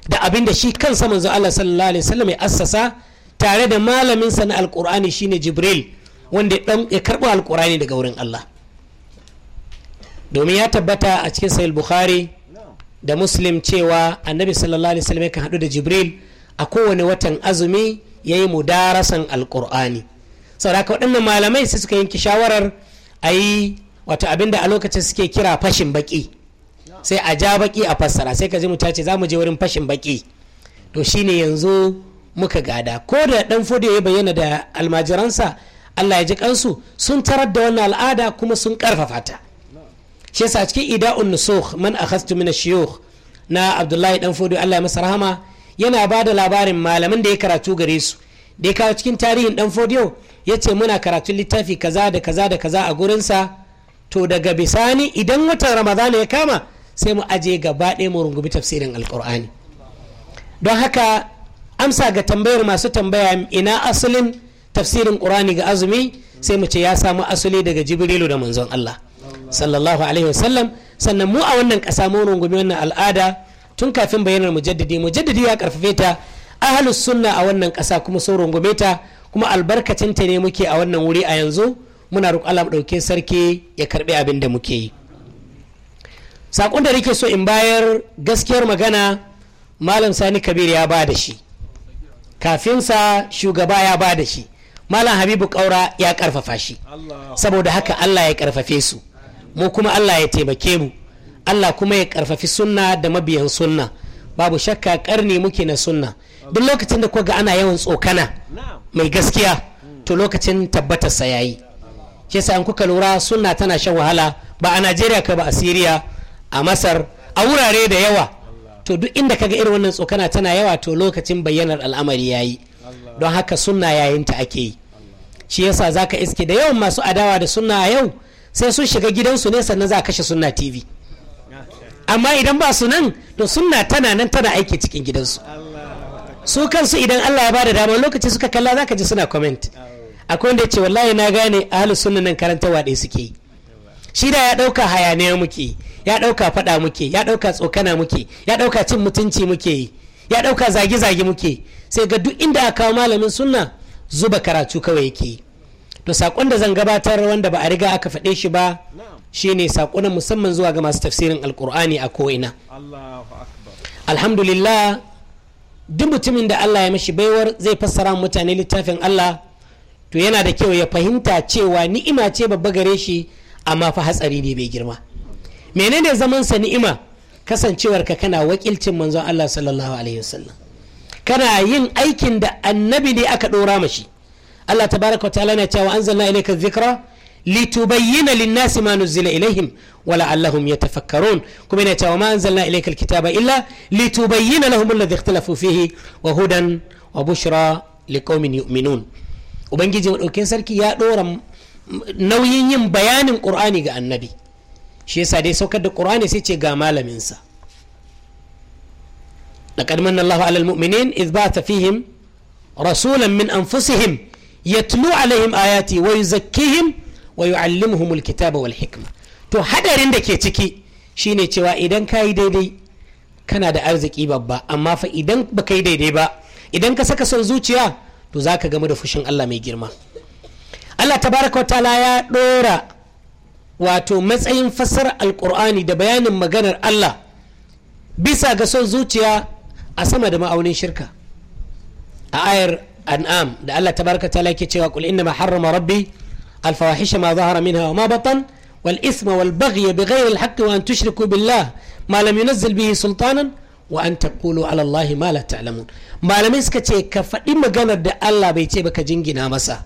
da abin da shi kansa manzo Allah sallallahu alaihi wasallam ya assasa tare da malamin sa na alkur'ani shine jibril wanda ya karbo alkur'ani daga wurin allah domin ya tabbata a cikin sahih bukhari da muslim cewa annabi sallallahu alaihi wasallam kan hadu da jibril a kowane watan azumi yayi yi mudarasan alkur'ani saboda waɗannan malamai sai suka yanke shawarar a yi wato abinda a lokacin suke kira fashin baki sai a ja baki a fassara sai ka ji mu ce za mu je wurin fashin baki to shine yanzu muka gada ko da dan fode ya bayyana da almajiransa Allah ya ji kansu sun tarar da wannan al'ada kuma sun karfafa ta shi yasa cikin ida'un nusukh man akhastu min ash-shuyukh na Abdullahi dan fode Allah ya masa rahama yana ba da labarin malaman da ya karatu gare su da ya kawo cikin tarihin dan fodiyo ya ce muna karatu littafi kaza da kaza da kaza a gurinsa to daga bisani idan watan ramadana ya kama sai mu aje gaba ɗaya mu rungumi tafsirin alkur'ani don haka amsa ga tambayar masu tambaya ina asalin tafsirin qur'ani ga azumi sai mu ce ya samu asali daga jibrilu da manzon Allah sallallahu alaihi wasallam sannan mu a wannan ƙasa mu rungumi wannan al'ada tun kafin bayyanar mujaddidi mujaddidi ya karfafe ta ahlus sunna a wannan ƙasa kuma sun rungume ta kuma albarkacin ta ne muke a wannan wuri a yanzu muna roƙon Allah dauke sarki ya karɓi abin da muke yi saƙon da nake so in bayar gaskiyar magana malam sani kabir ya ba da shi kafinsa shugaba ya ba da shi malam habibu kaura ya karfafa shi saboda haka allah ya karfafe su mu kuma allah ya taimake mu allah kuma ya karfafi sunna da mabiyan sunna babu shakka karni muke na sunna duk lokacin da ga ana yawan tsokana mai gaskiya to lokacin tabbatar tabbatarsa yayi shi yasa in kuka lura sunna tana shan wahala ba a najeriya ka ba a siriya a masar a wurare da yawa to duk inda kaga irin wannan tsokana tana yawa to lokacin bayyanar al'amari yayi don haka sunna yayin ta ake yi shi yasa zaka iske da yawan masu adawa da sunna yau sai sun shiga gidansu ne sannan za kashe sunna tv amma idan ba su nan to sunna tana nan tana aiki cikin gidansu su kansu idan Allah ya bada dama lokaci suka kalla zaka ji suna comment akwai wanda yace wallahi na gane ahlus sunna nan karanta dai suke yi shi da ya ɗauka hayaniya muke ya ɗauka faɗa muke ya ɗauka tsokana muke ya ɗauka cin mutunci muke yi ya ɗauka zage-zage muke sai ga duk inda aka malamin sunna zuba karatu kawai yake yi to saƙon da zan gabatar wanda ba a riga aka faɗe shi ba shine saƙo na musamman zuwa ga masu tafsirin alƙur'ani a ko'ina alhamdulillah duk mutumin da allah ya mashi baiwar zai fassara mutane littafin allah to yana da kyau ya fahimta cewa ni'ima ce babba gare shi amma fa hatsari ne bai girma menene zaman sa ni'ima kasancewarka kana wakilcin manzon Allah sallallahu alaihi wasallam kana yin aikin da annabi ne aka ɗora mashi Allah tabaraka ta'ala na cewa anzalna ilayka dhikra litubayyana lin-nasi ma nuzila ilayhim wa la'allahum yatafakkarun kuma yana cewa ma anzalna ilayka kitaba illa litubayyana lahum alladhi ikhtalafu fihi wa hudan wa bushra liqaumin yu'minun ubangiji madaukin sarki ya ɗora nauyin yin bayanin qur'ani ga annabi shi yasa dai saukar da qur'ani sai ce ga malamin sa laqad manna Allahu ala almu'minin idh ba'atha fihim rasulan min anfusihim yatlu 'alaihim ayati wa yuzakkihim wa yu'allimuhum alkitaba wal hikma to hadarin da ke ciki shine cewa idan kayi daidai kana da arziki babba amma fa idan baka yi daidai ba idan ka saka son zuciya to zaka gamu da fushin Allah mai girma Allah tabaraka wa ta'ala ya dora wato matsayin fasar alkur'ani da bayanin maganar Allah bisa ga son zuciya a sama da ma'aunin shirka a ayar an'am da Allah tabaraka ta ke cewa kul inna ma harrama rabbi alfawahisha ma zahara minha wa ma batan wal isma wal baghya bighayri al haqqi wa an tushriku billah ma lam yunzil bihi sultanan wa an taqulu ala Allah ma la ta'lamun malamai suka ce ka faɗi maganar da Allah bai ce ba ka jingina masa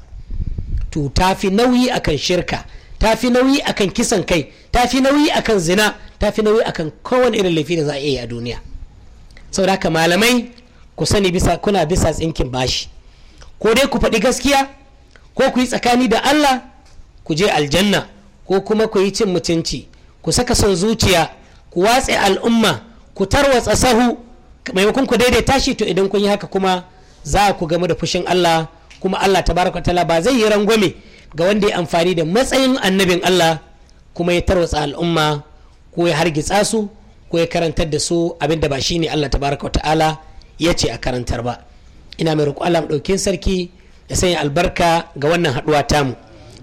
to tafi nauyi akan shirka ta fi nauyi akan kisan kai ta fi nauyi akan zina ta fi nauyi akan kowane irin laifi da za a iya yi a duniya saboda haka malamai ku sani bisa kuna bisa tsinkin bashi ko dai ku faɗi gaskiya ko ku yi tsakani da Allah ku je aljanna ko kuma ku yi cin mutunci ku saka son zuciya ku watse al'umma ku tarwatsa sahu maimakon ku daidaita shi to idan kun yi haka kuma za ku gamu da fushin Allah kuma Allah tabaraka ta ba zai yi rangwame ga wanda ya amfani da matsayin annabin Allah kuma ya tarwatsa al'umma ko ya hargitsa su ko ya karantar da su abinda ba shine Allah tabaraka wa ta'ala ya ce a karantar ba ina mai roƙo Allah ɗaukin sarki ya sanya albarka ga wannan haɗuwa tamu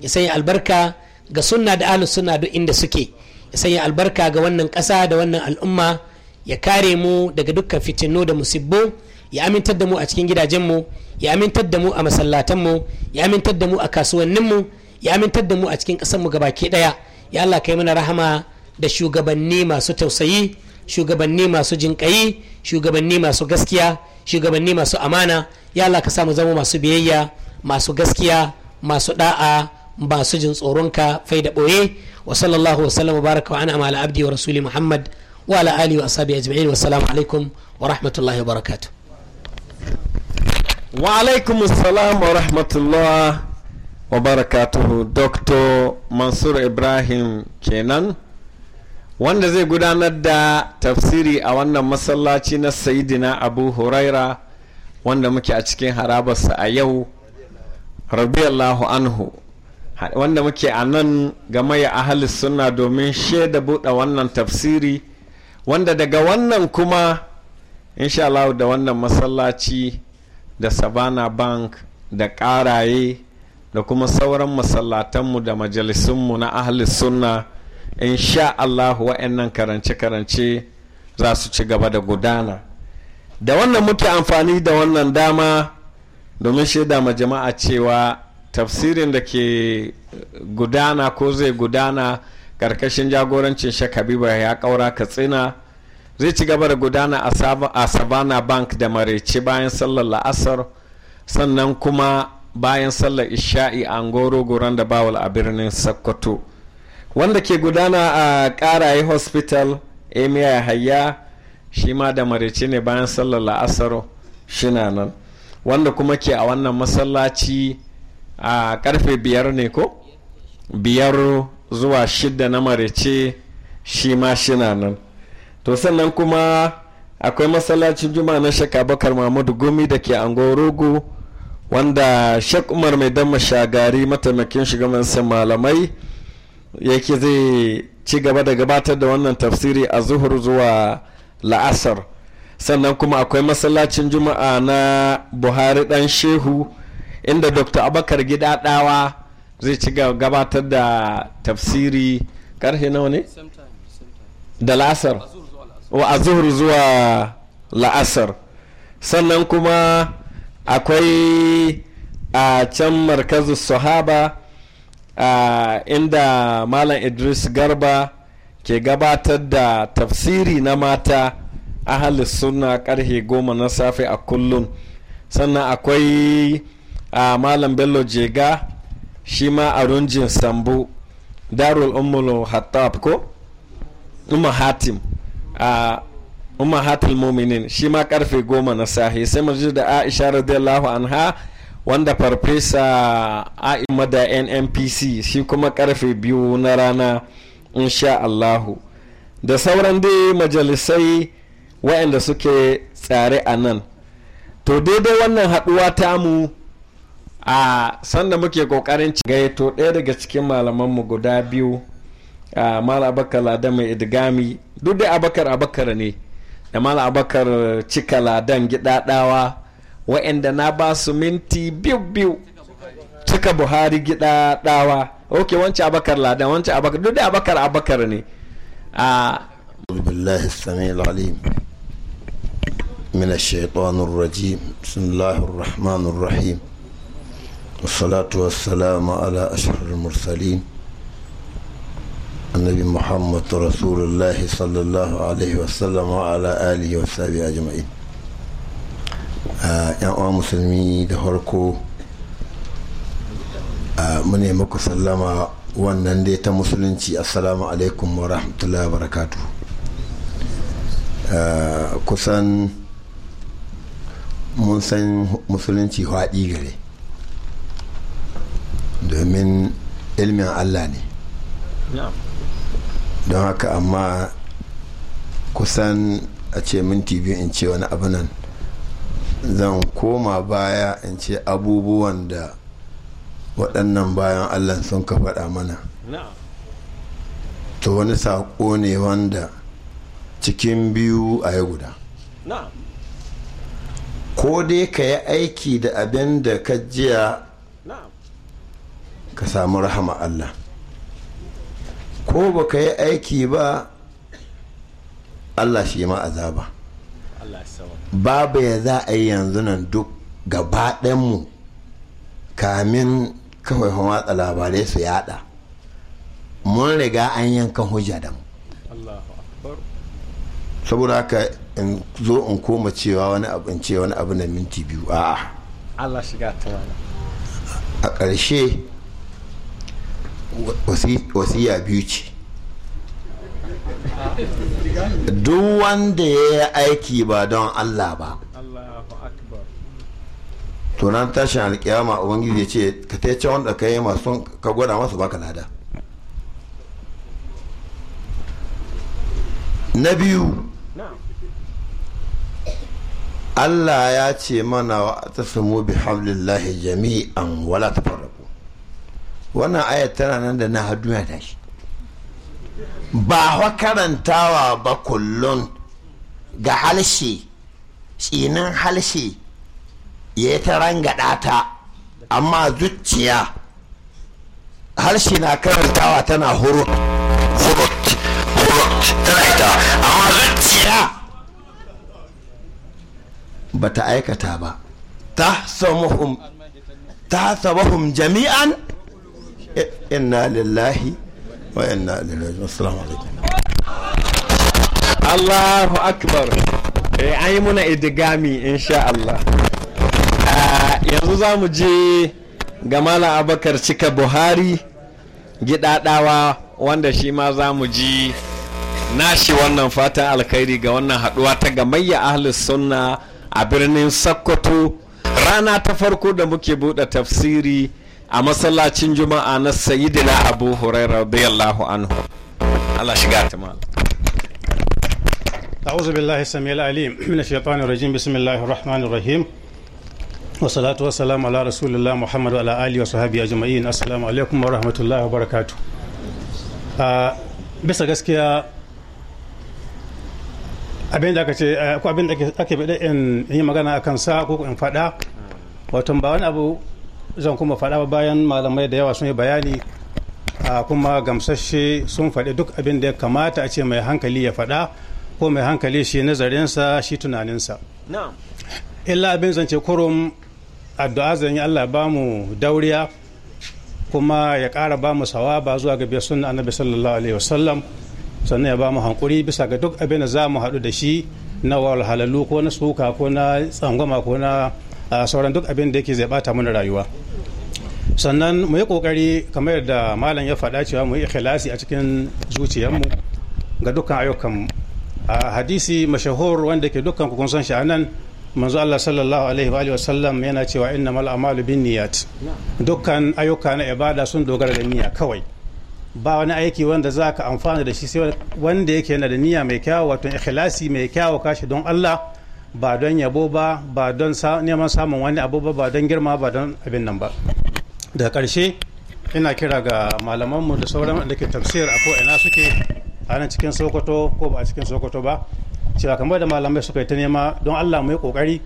ya sanya albarka ga sunna da ahlus sunna duk inda suke ya sanya albarka ga wannan ƙasa da wannan al'umma ya kare mu daga dukkan fitinu da musibbu ya amintar da mu a cikin gidajenmu ya amintar da mu a masallatanmu ya amintar da mu a kasuwanninmu ya amintar da mu a cikin ƙasarmu gabaki ɗaya ya Allah kai mana rahama da shugabanni masu tausayi shugabanni masu jinƙayi shugabanni masu gaskiya shugabanni masu amana ya Allah ka samu zama masu biyayya masu gaskiya masu da'a masu jin tsoronka fai da ɓoye wa sallallahu wa sallam baraka wa ana ala abdi wa rasuli muhammad wa ala alihi wa ashabi ajma'in wa assalamu alaikum wa rahmatullahi wa barakatuh wa alaikum salam wa rahmatullah wa barakatuhu dr mansur ibrahim kenan wanda zai gudanar da tafsiri a wannan masallaci na sayidina abu huraira wanda muke a cikin harabarsa a yau rabiyallahu anhu wanda muke a nan game ya ahalis suna domin shaida buɗe wannan tafsiri wanda daga wannan kuma insha Allah da wannan masallaci da savannah bank da karaye da kuma sauran masallatanmu da majalisunmu na ahli sunna sha Allah wa'annan karance-karance za su ci gaba da gudana da wannan muke amfani da wannan dama domin shaida ma jama'a cewa tafsirin da ke gudana ko zai gudana karkashin jagorancin shakabiba ya kaura katsina zai ci gaba da gudana a savannah bank da maraice bayan sallar la'asar sannan kuma bayan sallar isha'i a angoro goron da bawal a birnin sokoto wanda ke gudana a karaye hospital emiya hayya shi ma da maraice ne bayan sallar la'asar na nan wanda kuma ke a wannan masallaci a karfe biyar ne ko biyar zuwa shida na maraice shi ma na nan to sannan kuma akwai masallacin juma'a na shaka bakar mahmudu gumi da ke Angorogo wanda shek umar mai dan shagari mataimakin shugaban malamai yake zai ci gaba da gabatar da wannan tafsiri a zuhur zuwa la'asar sannan kuma akwai masallacin juma'a na buhari dan shehu inda dr abakar gidadawa zai ci gabatar da tafsiri karfe nawa ne da la'asar a zuhur zuwa la'asar sannan kuma akwai a can markazu sahaba a inda malam idris garba ke gabatar da tafsiri na mata ahli suna karhe goma na safe a kullum sannan akwai a malam bello jega shi ma a runjin sambu darul ko umar hatim a ummahatul muminin shi ma karfe goma na sahi sai mu da aisha radiyallahu anha wanda farfesa a'imma da nnpc shi kuma karfe biyu na rana insha allahu da sauran dai majalisai waɗanda suke tsare a nan to daidai wannan haɗuwa tamu a sanda muke ƙoƙarin to ɗaya daga cikin malamanmu guda biyu mal abakar ladan mai idgami duk dai abakar abakar ne da mal abakar cika ladan gidadawa wa'anda na ba su minti biyu biyu cika buhari gidadawa ok wancan abakar ladan wancan abakar duk dai abakar abakar ne a بالله السميع العليم من الشيطان الرجيم بسم الله الرحمن الرحيم والصلاة والسلام على أشهر المرسلين annabi muhammad rasulullahi sallallahu alaihi wasallam wa ala alihi wa sahbihi ajma'in ah, yan uwa musulmi da farko ah, mu ne muku sallama wannan dai ta musulunci assalamu alaikum wa wa barakatu ah, kusan mun san musulunci haɗi gare domin ilmin allah ne don haka amma kusan a ce minti biyu in ce wani abu nan zan koma baya in ce abubuwan da waɗannan bayan allah sun ka faɗa mana to wani saƙo ne wanda cikin biyu a yi guda ko dai ka yi aiki da abin da ka jiya ka samu rahama allah ko ba ka yi aiki ba allah shi ma azaba babu ya za a yi yanzu nan duk gaba mu kamin kawai watsa labarai su yada mun riga an yanka hujja da mu saboda haka in zo in koma cewa wani abu in ce wani abu na minti biyu a'a a ƙarshe wasiya biyu ce duk wanda ya yi aiki ba don allah ba tunan tashin alkiyama ubangiji ce ka ta ce wanda ka yi masu ka gwada masu baka lada na biyu allah ya ce mana ta samu lahi jami'an wala faru. wannan ayat tana nan da na hadu ya tashi ba wa karantawa ba kullun ga halshe tsinin halshe ya yi ta rangada ta amma zuciya halshe na karantawa tana hurut amma zuciya ba ta aikata ba ta samuhum jami'an inna lillahi wa inna ilaihi assalamu alaikum Allahu akbar eh anyi muna idigami insha Allah ah, yanzu za mu je ga Malam Abakar Cika Buhari gidadawa wanda shi ma za mu ji nashi wannan fatan alkhairi ga wannan haduwa ta gamayya ahlus sunna a birnin Sokoto rana ta farko da muke buɗe tafsiri a masallacin juma'a na sayidina abu huraira radiyallahu anhu Allah shiga ta mal أعوذ بالله السميع العليم من الشيطان الرجيم بسم الله الرحمن الرحيم والصلاة والسلام على رسول الله محمد وعلى آله وصحبه أجمعين السلام عليكم ورحمة الله وبركاته bisa gaskiya abin da aka ce eh, ko abin da ake in yi magana a sa ko in faɗa wato ba wani abu zan kuma faɗa bayan malamai da yawa sun yi bayani a kuma gamsashe sun faɗi duk abin da ya kamata a ce mai hankali ya faɗa ko mai hankali shi nazarinsa shi tunaninsa illa abin zance kurum addu'a zan yi allah ba mu dauriya kuma ya kara ba mu sawaba zuwa ga biyar sunna annabi sallallahu alaihi wasallam sannan ya ba mu hankuri bisa ga duk abin da za mu haɗu da shi na walhalalu ko na suka ko na tsangwama ko na sauran duk abin da yake zai bata mana rayuwa sannan mu yi kokari kamar yadda malam ya faɗa cewa mu yi ikhlasi a cikin zuciyarmu ga dukkan ayyukan a hadisi mashahur wanda ke dukkan kun san shi nan manzo Allah sallallahu alaihi wa sallam yana cewa innamal a'malu niyyat dukkan ayyuka na ibada sun dogara da niyya kawai ba wani aiki wanda za ka amfana da shi sai wanda yake yana da niyya mai kyawu wato ikhlasi mai kyawu kashi don Allah ba don yabo ba ba don neman samun wani abu ba ba don girma ba don abin nan ba da ƙarshe ina kira ga malamanmu da sauran da ke tafsir a ko'ina suke a nan cikin sokoto ko ba a cikin sokoto ba cewa kamar da malamai suka yi ta nema don allah mu yi ƙoƙari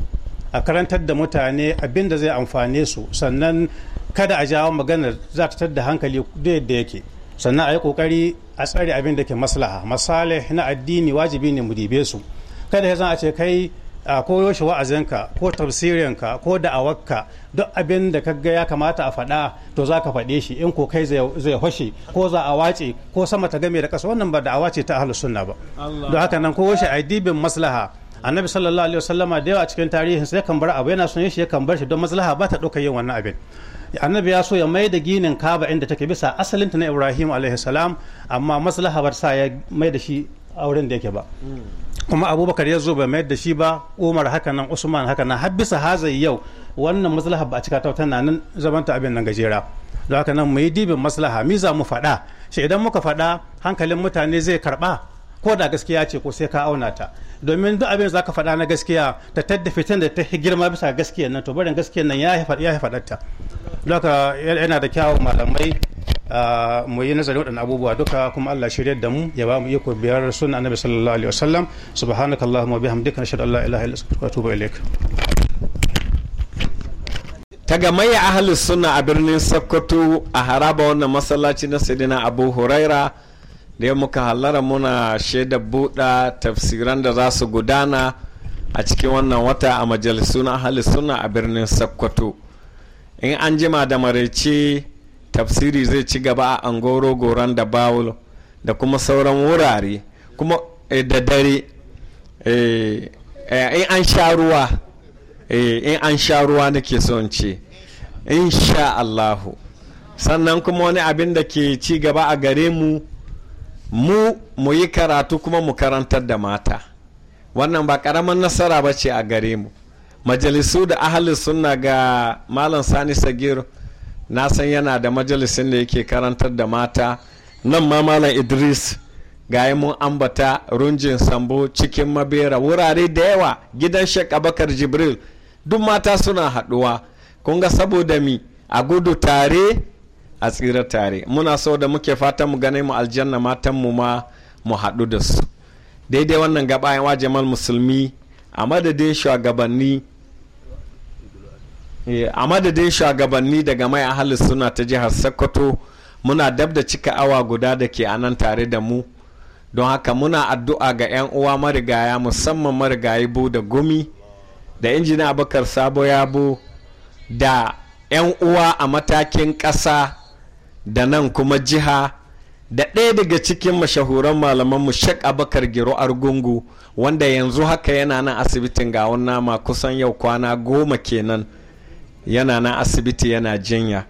a karantar da mutane abin da zai amfane su sannan kada a jawo maganar za ta da hankali da yake sannan a yi kokari a tsare abin da ke maslaha masale na addini wajibi ne mu dibe su kada ya zan a ce kai a ko yaushe wa'azinka ko tafsirinka ko da'awarka duk abin da ka ga ya kamata a faɗa to za ka faɗe shi in ko kai zai hoshe ko za a wace ko sama ta game da ƙasa wannan ba da'awa ce ta ahlus sunna ba don haka nan ko yaushe aidibin maslaha annabi sallallahu alaihi wasallama da yawa cikin tarihin sai kan bar abu yana son shi kan bar shi don maslaha ba ta ɗaukar yin wannan abin annabi ya so ya mai da ginin kaba inda take bisa asalinta na ibrahim alaihi salam amma maslaha ba ta sa ya mai da shi auren da yake ba kuma abubakar ya zo bai mayar da shi ba umar haka nan usman haka nan har bisa haza yau wannan maslaha ba a cika ta tana nan zaman ta abin nan gajera don haka nan mu yi dibin maslaha mi za mu faɗa shi idan muka faɗa hankalin mutane zai karɓa ko da gaskiya ce ko sai ka auna ta domin duk abin za ka faɗa na gaskiya ta tadda fitan da ta girma bisa gaskiya nan to barin gaskiya nan ya faɗa ta don haka yana da kyawun malamai Ah, mu yi nazarin waɗannan abubuwa duka kuma Allah shirya da mu ya ba mu iko biyar sunan annabi sallallahu alaihi wasallam wa bihamdika nashhadu an la ilaha illa anta atubu ilaik ta gamayya ahalin suna a birnin sokoto a haraba wannan masallaci na sayyidina abu huraira da ya muka hallara muna shaida buɗa tafsiran da za su gudana a cikin wannan wata a majalisun ahalin suna a birnin sokoto in an jima da maraice tafsiri zai ci gaba a angoro goron da bawul da kuma sauran wurare kuma eh, da dare eh, eh, in an sha ruwa in an sha ruwa nake son ce insha Allahu sannan kuma wani abin da ke ci gaba a gare mu mu mu yi karatu kuma mu karantar da mata wannan ba karaman nasara ba ce a gare mu majalisu da ahalin sunna ga malam sani sagir na san yana da majalisin da yake karantar da mata nan ma malam idris ga mun ambata runjin sambo cikin mabera wurare da yawa gidan shek abakar jibril duk mata suna haɗuwa kun ga saboda mi a gudu tare a tsira tare muna so da muke fata mu gane mu aljanna matan mu ma mu haɗu da su daidai wannan gaba yawa jamal musulmi a madadin shugabanni Eh, a madadin shugabanni daga mai a ahalis suna ta jihar sokoto muna dab da cika awa guda da ke anan tare da mu don haka muna addu'a ga 'yan uwa marigaya musamman marigayi bu da gumi da injina bakar sabo yabo da 'yan uwa a matakin ƙasa da nan kuma jiha da ɗaya daga cikin mashahuran malaman mu shek abakar giro argungu wanda yanzu haka yana nan asibitin gawon nama kusan yau kwana goma kenan. yana na asibiti yana jinya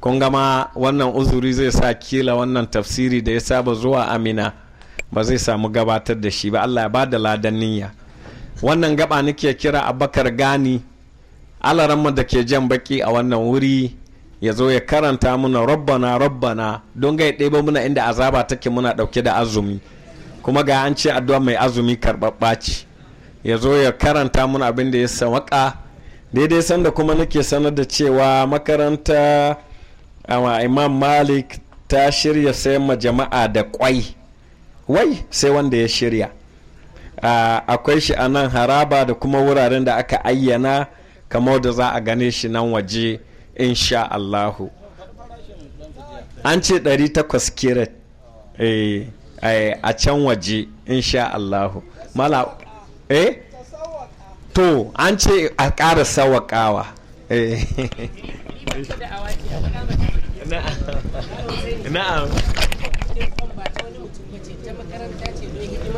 kun gama wannan uzuri zai sa kila wannan tafsiri da ya saba zuwa amina ba zai samu gabatar da shi ba allah ya ba da ladan niyya wannan gaba nake kira abakar gani alaranmu da ke jan baki a wannan wuri ya zo ya karanta muna rabbana rabbana don ga ya muna inda azaba take muna ɗauke da azumi kuma ga an ce addu'a mai azumi karɓaɓɓa ce ya zo ya karanta muna abin da ya sawaka daidai sanda kuma nake sanar da cewa makaranta a imam malik ta shirya sayan ma jama'a da kwai wai sai wanda ya shirya akwai shi a nan haraba da kuma wuraren da aka ayyana kamar da za a gane shi nan waje insha allahu an ce 800 kiret eh, a can waje insha allahu mala eh to an ce a ƙara sawakawa eh.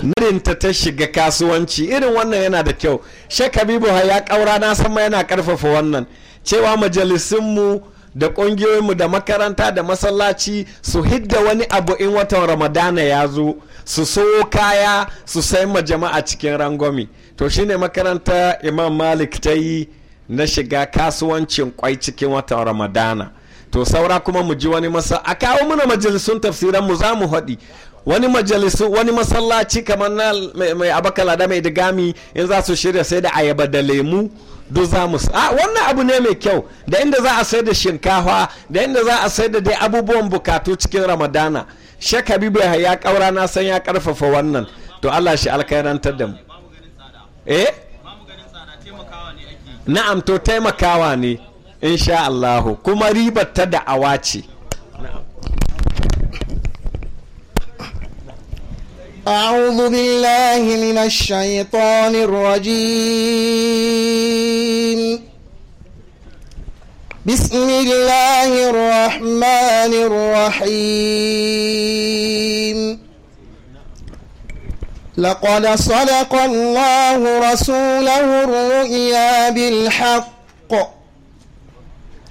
narinta ta shiga kasuwanci irin wannan yana da kyau shekabi buha ya ƙaura na sama yana ƙarfafa wannan cewa majalisunmu da ƙungiyoyinmu da makaranta da masallaci su hidda wani abu in watan ramadana ya zo su so kaya su sai jama'a cikin rangwami to shine makaranta imam malik ta yi na shiga kasuwancin kwai cikin watan ramadana to saura kuma mu ji wani masa a kawo mana majalisun tafsiran mu za mu haɗi wani majalisu wani masallaci kamar na mai abakala da mai digami in za su shirya sai da ayaba da lemu duk za mu a wannan abu ne mai kyau da inda za a sai da shinkafa da inda za a sai da dai abubuwan bukatu cikin ramadana shekabi habibu ya kaura na san ya karfafa wannan to allah shi alkairantar da mu eh na'am to taimakawa ne insha Allahu kuma ribar ta da'awa ce أعوذ بالله من الشيطان الرجيم بسم الله الرحمن الرحيم لقد صدق الله رسوله الرؤيا بالحق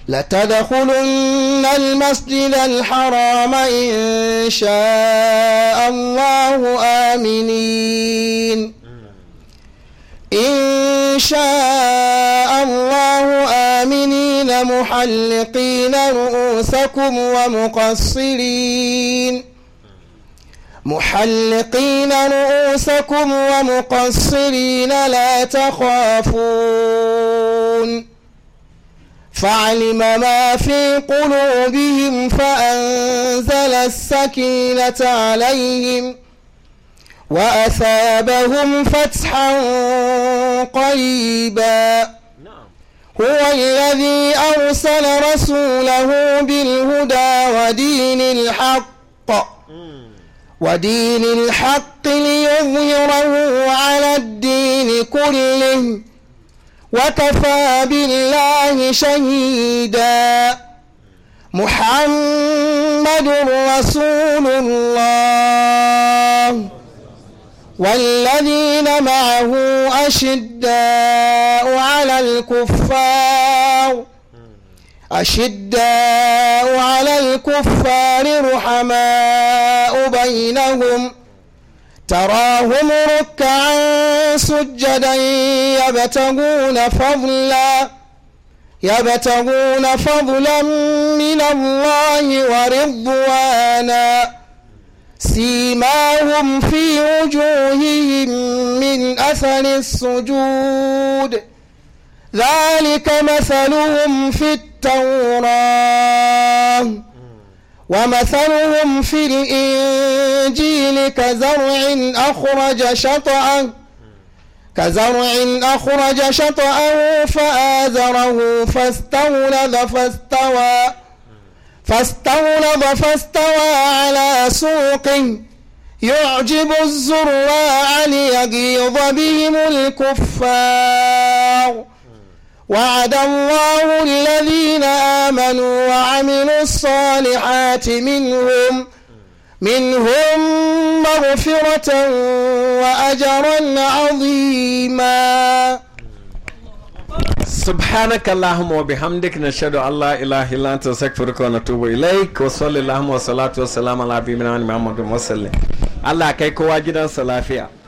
لتدخلن المسجد الحرام إن شاء الله آمنين إن شاء الله آمنين محلقين رؤوسكم ومقصرين محلقين رؤوسكم ومقصرين لا تخافون فعلم ما في قلوبهم فأنزل السكينة عليهم وأثابهم فتحا قريبا هو الذي أرسل رسوله بالهدى ودين الحق ودين الحق ليظهره على الدين كله وكفى بالله شهيدا محمد رسول الله والذين معه أشداء على الكفار أشداء على الكفار رحماء بينهم تراهم ركعا سجدا يبتغون فضلا يبتغون فضلا من الله ورضوانا سيماهم في وجوههم من أثر السجود ذلك مثلهم في التوراة ومثلهم في الإنجيل كزرع أخرج شطأ كزرع أخرج شطأ فآزره فاستولد فاستوى فاستولد فاستوى على سوق يعجب الزراع ليغيظ بهم الكفار وعد الله الذين آمنوا وعملوا الصالحات منهم منهم مغفرة وأجرا عظيما سبحانك اللهم وبحمدك نشهد أن لا إله إلا أنت نستغفرك ونتوب إليك وصلى اللهم وصلاة والسلام على نبينا محمد وسلم الله كيكو واجدا سلافيا